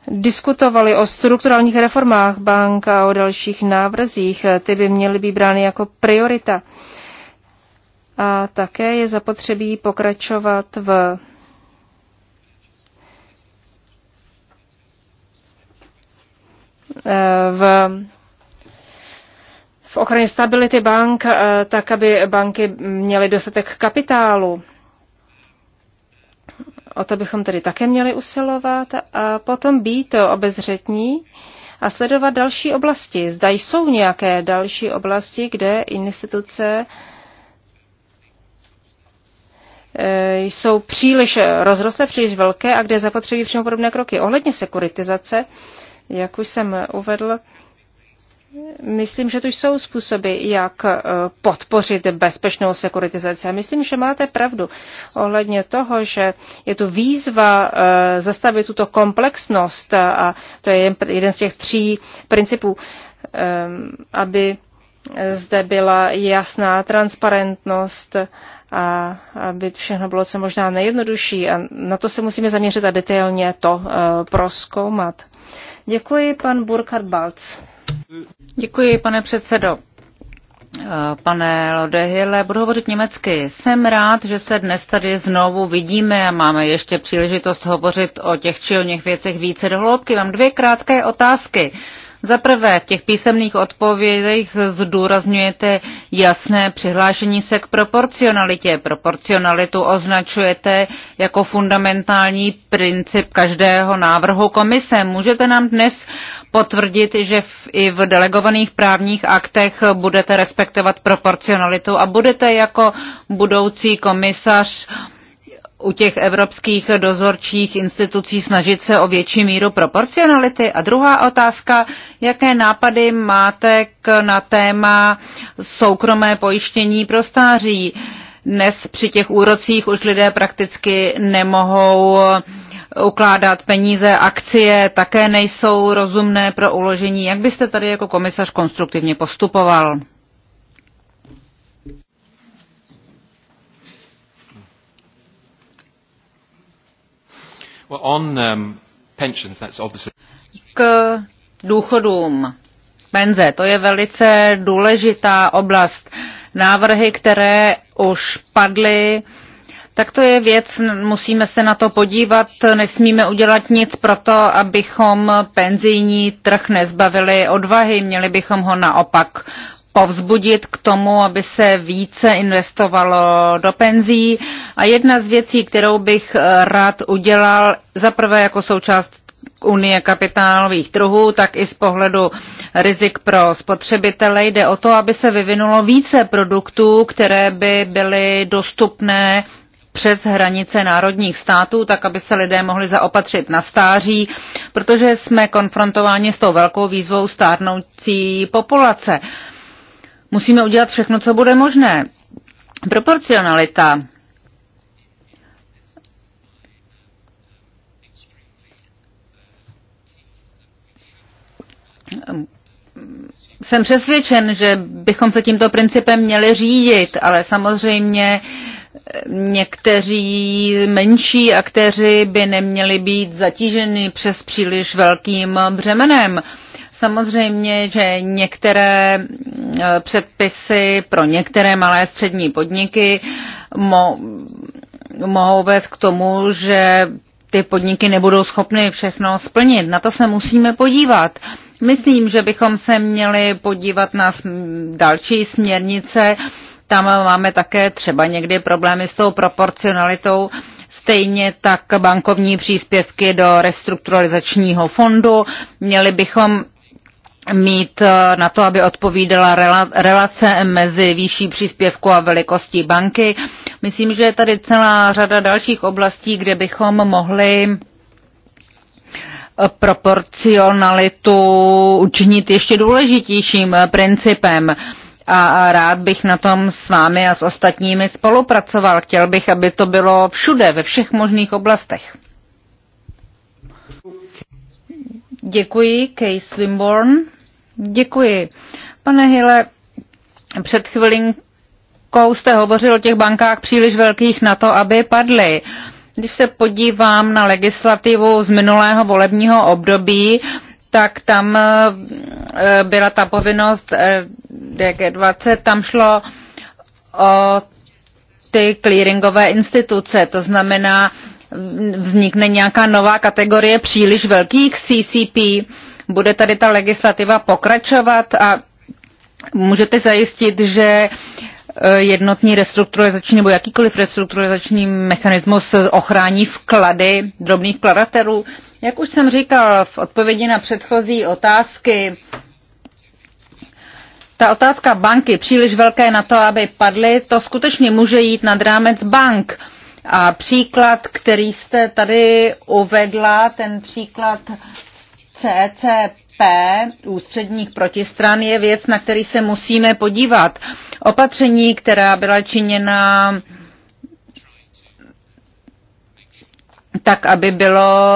diskutovali o strukturálních reformách bank a o dalších návrzích. Ty by měly být brány jako priorita. A také je zapotřebí pokračovat v v, v ochraně stability bank, eh, tak aby banky měly dostatek kapitálu. O to bychom tedy také měli usilovat a potom být obezřetní a sledovat další oblasti. Zda jsou nějaké další oblasti, kde instituce eh, jsou příliš rozrostlé, příliš velké a kde zapotřebí přímo podobné kroky. Ohledně sekuritizace, jak už jsem uvedl, Myslím, že to jsou způsoby, jak eh, podpořit bezpečnou sekuritizaci. A myslím, že máte pravdu ohledně toho, že je tu výzva eh, zastavit tuto komplexnost a to je jeden z těch tří principů, eh, aby zde byla jasná transparentnost a aby všechno bylo co možná nejjednodušší. A na to se musíme zaměřit a detailně to proskoumat. Děkuji, pan Burkhard Balc pane předsedo. Eh, pane Lodehile, budu hovořit německy. Jsem rád, že se dnes tady znovu vidíme a máme ještě příležitost hovořit o těch či o něch věcech více dohloubky. Mám dvě krátké otázky. Za prvé, v těch písemných odpovědích zdůrazňujete jasné přihlášení se k proporcionalitě. Proporcionalitu označujete jako fundamentální princip každého návrhu komise. Můžete nám dnes potvrdit, že v, i v delegovaných právních aktech budete respektovat proporcionalitu a budete jako budoucí komisař u těch evropských dozorčích institucí snažit se o větší míru proporcionality? A druhá otázka, jaké nápady máte k, na téma soukromé pojištění pro stáří? Dnes při těch úrocích už lidé prakticky nemohou uh, ukládat peníze, akcie také nejsou rozumné pro uložení. Jak byste tady jako komisař konstruktivně postupoval? Um, K důchodům. Penze, to je velice důležitá oblast. Návrhy, které už padly, tak to je věc, musíme se na to podívat, nesmíme udělat nic pro to, abychom penzijní trh nezbavili odvahy, měli bychom ho naopak povzbudit k tomu, aby se více investovalo do penzí. A jedna z věcí, kterou bych rád udělal, zaprvé jako součást Unie kapitálových trhů, tak i z pohledu rizik pro spotřebitele jde o to, aby se vyvinulo více produktů, které by byly dostupné přes hranice národních států, tak aby se lidé mohli zaopatřit na stáří, protože jsme konfrontováni s tou velkou výzvou stárnoucí populace. Musíme udělat všechno, co bude možné. Proporcionalita. Jsem přesvědčen, že bychom se tímto principem měli řídit, ale samozřejmě uh, někteří menší aktéři by neměli být zatíženi přes příliš velkým břemenem. Samozřejmě, že některé eh, předpisy pro některé malé střední podniky mo- mohou vést k tomu, že ty podniky nebudou schopny všechno splnit. Na to se musíme podívat. Myslím, že bychom se měli podívat na další směrnice, tam máme také třeba někdy problémy s tou proporcionalitou, stejně tak bankovní příspěvky do restrukturalizačního fondu. Měli bychom mít eh, na to, aby odpovídala relace mezi výší příspěvku a velikostí banky. Myslím, že je tady celá řada dalších oblastí, kde bychom mohli eh, proporcionalitu učinit ještě důležitějším eh, principem a rád bych na tom s vámi a s ostatními spolupracoval. Chtěl bych, aby to bylo všude, ve všech možných oblastech. Děkuji, Kay Swinburne. Děkuji. Pane Hille, před chvilinkou jste hovořil o těch bankách příliš velkých na to, aby padly. Když se podívám na legislativu z minulého volebního období, tak tam eh, byla ta povinnost eh, DG20, tam šlo o ty clearingové instituce, to znamená, vznikne nějaká nová kategorie příliš velkých CCP, bude tady ta legislativa pokračovat a můžete zajistit, že eh, jednotný restrukturalizační nebo jakýkoliv restrukturalizační mechanismus ochrání vklady drobných kladatelů. Jak už jsem říkal v odpovědi na předchozí otázky, ta otázka banky příliš velké na to, aby padly, to skutečně může jít nad rámec bank. A příklad, který jste tady uvedla, ten příklad CCP, e ústředních protistran, je věc, na který se musíme podívat. Opatření, která byla činěna tak, aby bylo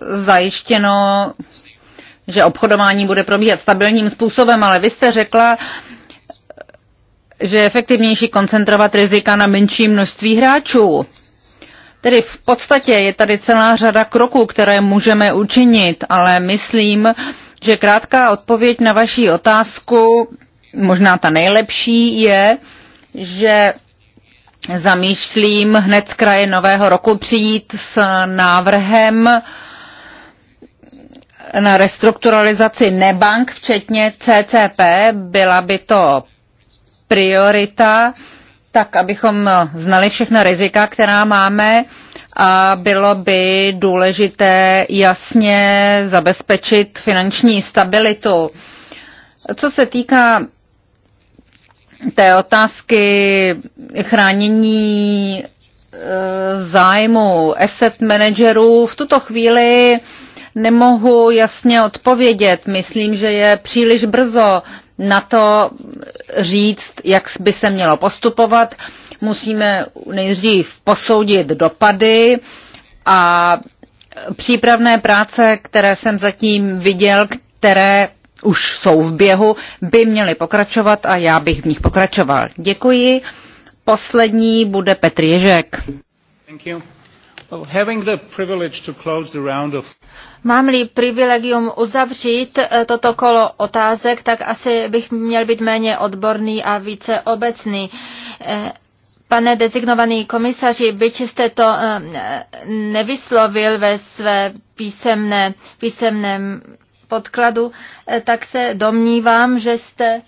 zajištěno že obchodování bude probíhat stabilním způsobem, ale vy jste řekla, že je efektivnější koncentrovat rizika na menší množství hráčů. Tedy v podstatě je tady celá řada kroků, které můžeme učinit, ale myslím, že krátká odpověď na vaši otázku, možná ta nejlepší, je, že zamýšlím hned z kraje nového roku přijít s návrhem, na restrukturalizaci nebank, včetně CCP, byla by to priorita, tak abychom znali všechna rizika, která máme a bylo by důležité jasně zabezpečit finanční stabilitu. Co se týká té otázky chránění e, zájmu asset managerů, v tuto chvíli nemohu jasně odpovědět. Myslím, že je příliš brzo na to říct, jak by se mělo postupovat. Musíme nejdřív posoudit dopady a přípravné práce, které jsem zatím viděl, které už jsou v běhu, by měly pokračovat a já bych v nich pokračoval. Děkuji. Poslední bude Petr Ježek. Thank you. Well, having the privilege to close the round of... Mám-li privilegium uzavřít eh, toto kolo otázek, tak asi bych měl být méně odborný a více obecný. Eh, pane dezignovaný komisaři, byť jste to eh, nevyslovil ve své písemné, písemném podkladu, tak se domnívám, že jste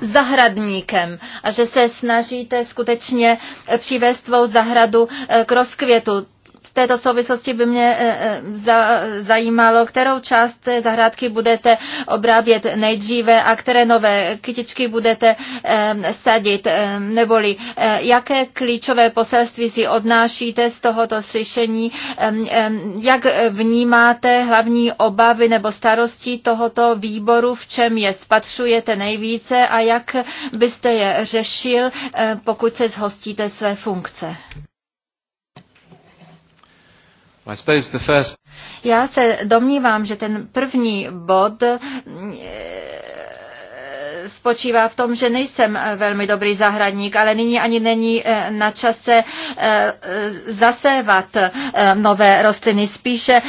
zahradníkem a že se snažíte skutečně přivést svou zahradu k rozkvětu této souvislosti by mě eh, eh, zajímalo, kterou část té zahrádky budete obrábět nejdříve a které nové kytičky budete eh, sadit, neboli jaké klíčové poselství si odnášíte z tohoto slyšení, jak vnímáte hlavní obavy nebo starosti tohoto výboru, v čem je spatřujete nejvíce a jak byste je řešil, pokud se zhostíte své funkce. Já se domnívám, že ten první bod spočívá v tom, že nejsem eh, velmi dobrý zahradník, ale nyní ani není eh, na čase eh, zasévat nové rostliny. Spíše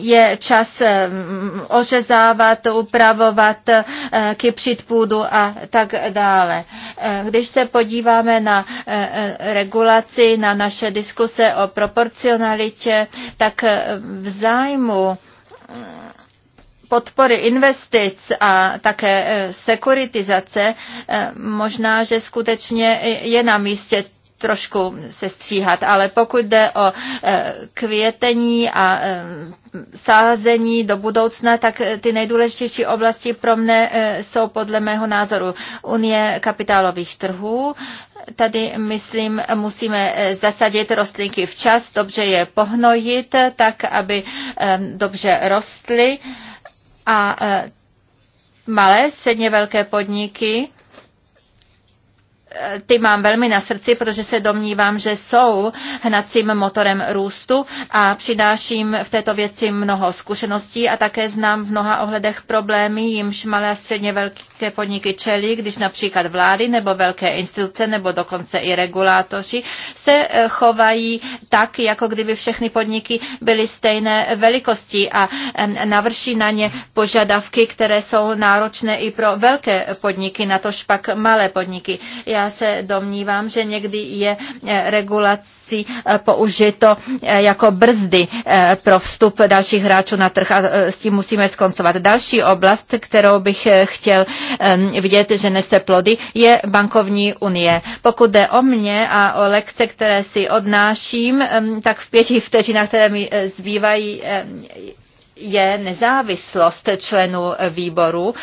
je čas mm, ořezávat, upravovat, kypřit půdu a tak dále. Když se podíváme na regulaci, na naše diskuse o proporcionalitě, tak v zájmu podpory investic a také e, sekuritizace, e, možná, že skutečně je na místě trošku se stříhat, ale pokud jde o e, květení a sázení do budoucna, tak ty nejdůležitější oblasti pro mne jsou podle mého názoru Unie kapitálových trhů. Tady, myslím, musíme zasadit rostlinky včas, dobře je pohnojit, tak, aby dobře rostly a e, malé, středně velké podniky ty mám velmi na srdci, protože se domnívám, že jsou hnacím motorem růstu a přináším v této věci mnoho zkušeností a také znám v mnoha ohledech problémy, jimž malé a středně velké podniky čelí, když například vlády nebo velké instituce nebo dokonce i regulátoři se eh, chovají tak, jako kdyby všechny podniky byly stejné velikosti a navrší na ně požadavky, které jsou náročné i pro velké podniky, na to špak malé podniky. Já já se domnívám, že někdy je eh, regulací eh, použito eh, jako brzdy pro vstup dalších hráčů na trh a s tím musíme skoncovat. Další oblast, kterou bych chtěl ehm, vidět, že nese plody, je bankovní unie. Pokud jde o mě a o lekce, které si odnáším, ehm, tak v pěti vteřinách, které mi zbývají, ehm, je nezávislost členů výboru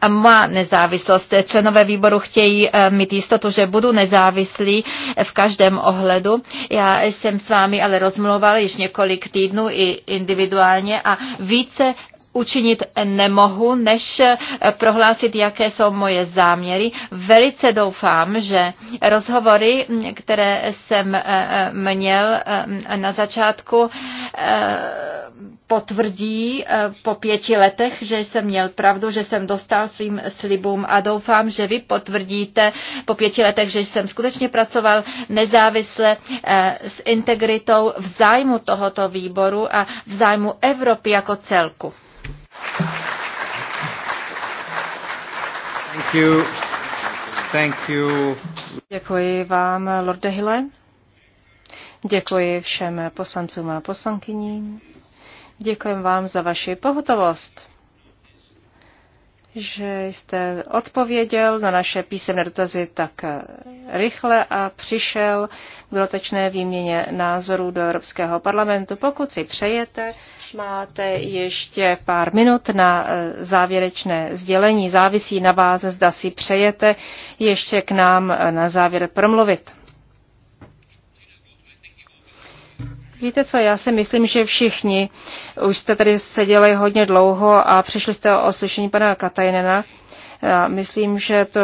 a má nezávislost. Členové výboru chtějí eh, mít jistotu, že budu nezávislý v každém ohledu. Já jsem s vámi ale rozmluval již několik týdnů i individuálně a více učinit nemohu, než eh, prohlásit, jaké jsou moje záměry. Velice doufám, že rozhovory, které jsem eh, eh, měl na začátku, potvrdí po pěti letech, že jsem měl pravdu, že jsem dostal svým slibům a doufám, že vy potvrdíte po pěti letech, že jsem skutečně pracoval nezávisle s integritou v zájmu tohoto výboru a v zájmu Evropy jako celku. Thank you. Thank you. Děkuji vám, Lorde Hille. Děkuji všem poslancům a poslankyním. Děkuji vám za vaši pohotovost že jste odpověděl na naše písemné dotazy tak rychle a přišel k dotečné výměně názorů do Evropského parlamentu. Pokud si přejete, máte ještě pár minut na eh, závěrečné sdělení. Závisí na vás, zda si přejete ještě k nám eh, na závěr promluvit. Víte co, já si myslím, že všichni už jste tady seděli hodně dlouho a přišli jste o slyšení pana Katajnena. Já myslím, že to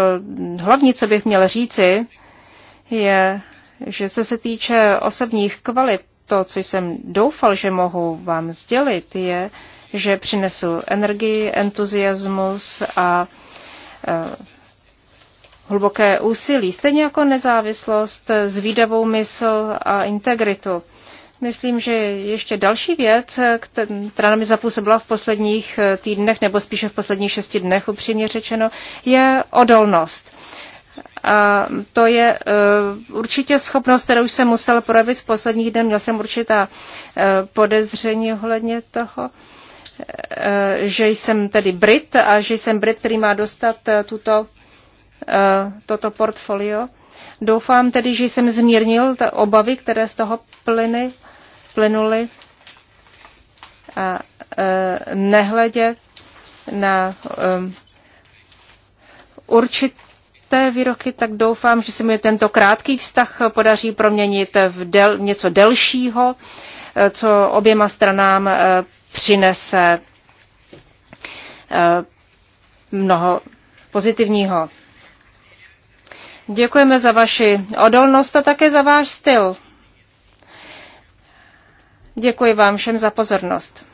hlavní, co bych měl říci, je, že co se týče osobních kvalit, to, co jsem doufal, že mohu vám sdělit, je, že přinesu energii, entuziasmus a e, hluboké úsilí, stejně jako nezávislost, zvídavou mysl a integritu. Myslím, že ještě další věc, která mi zapůsobila v posledních týdnech, nebo spíše v posledních šesti dnech, upřímně řečeno, je odolnost. A to je uh, určitě schopnost, kterou jsem musel projevit v posledních dnech. Měl jsem určitá uh, podezření ohledně toho, uh, že jsem tedy Brit a že jsem Brit, který má dostat uh, tuto, uh, toto portfolio. Doufám tedy, že jsem zmírnil obavy, které z toho plyny. Uh, splynuli, a e, nehledě na určité výroky, tak doufám, že se mi tento krátký vztah podaří proměnit v del, něco delšího, e, co oběma stranám e, přinese mnoho pozitivního. Děkujeme za vaši odolnost a také za váš styl. Děkuji vám všem za pozornost.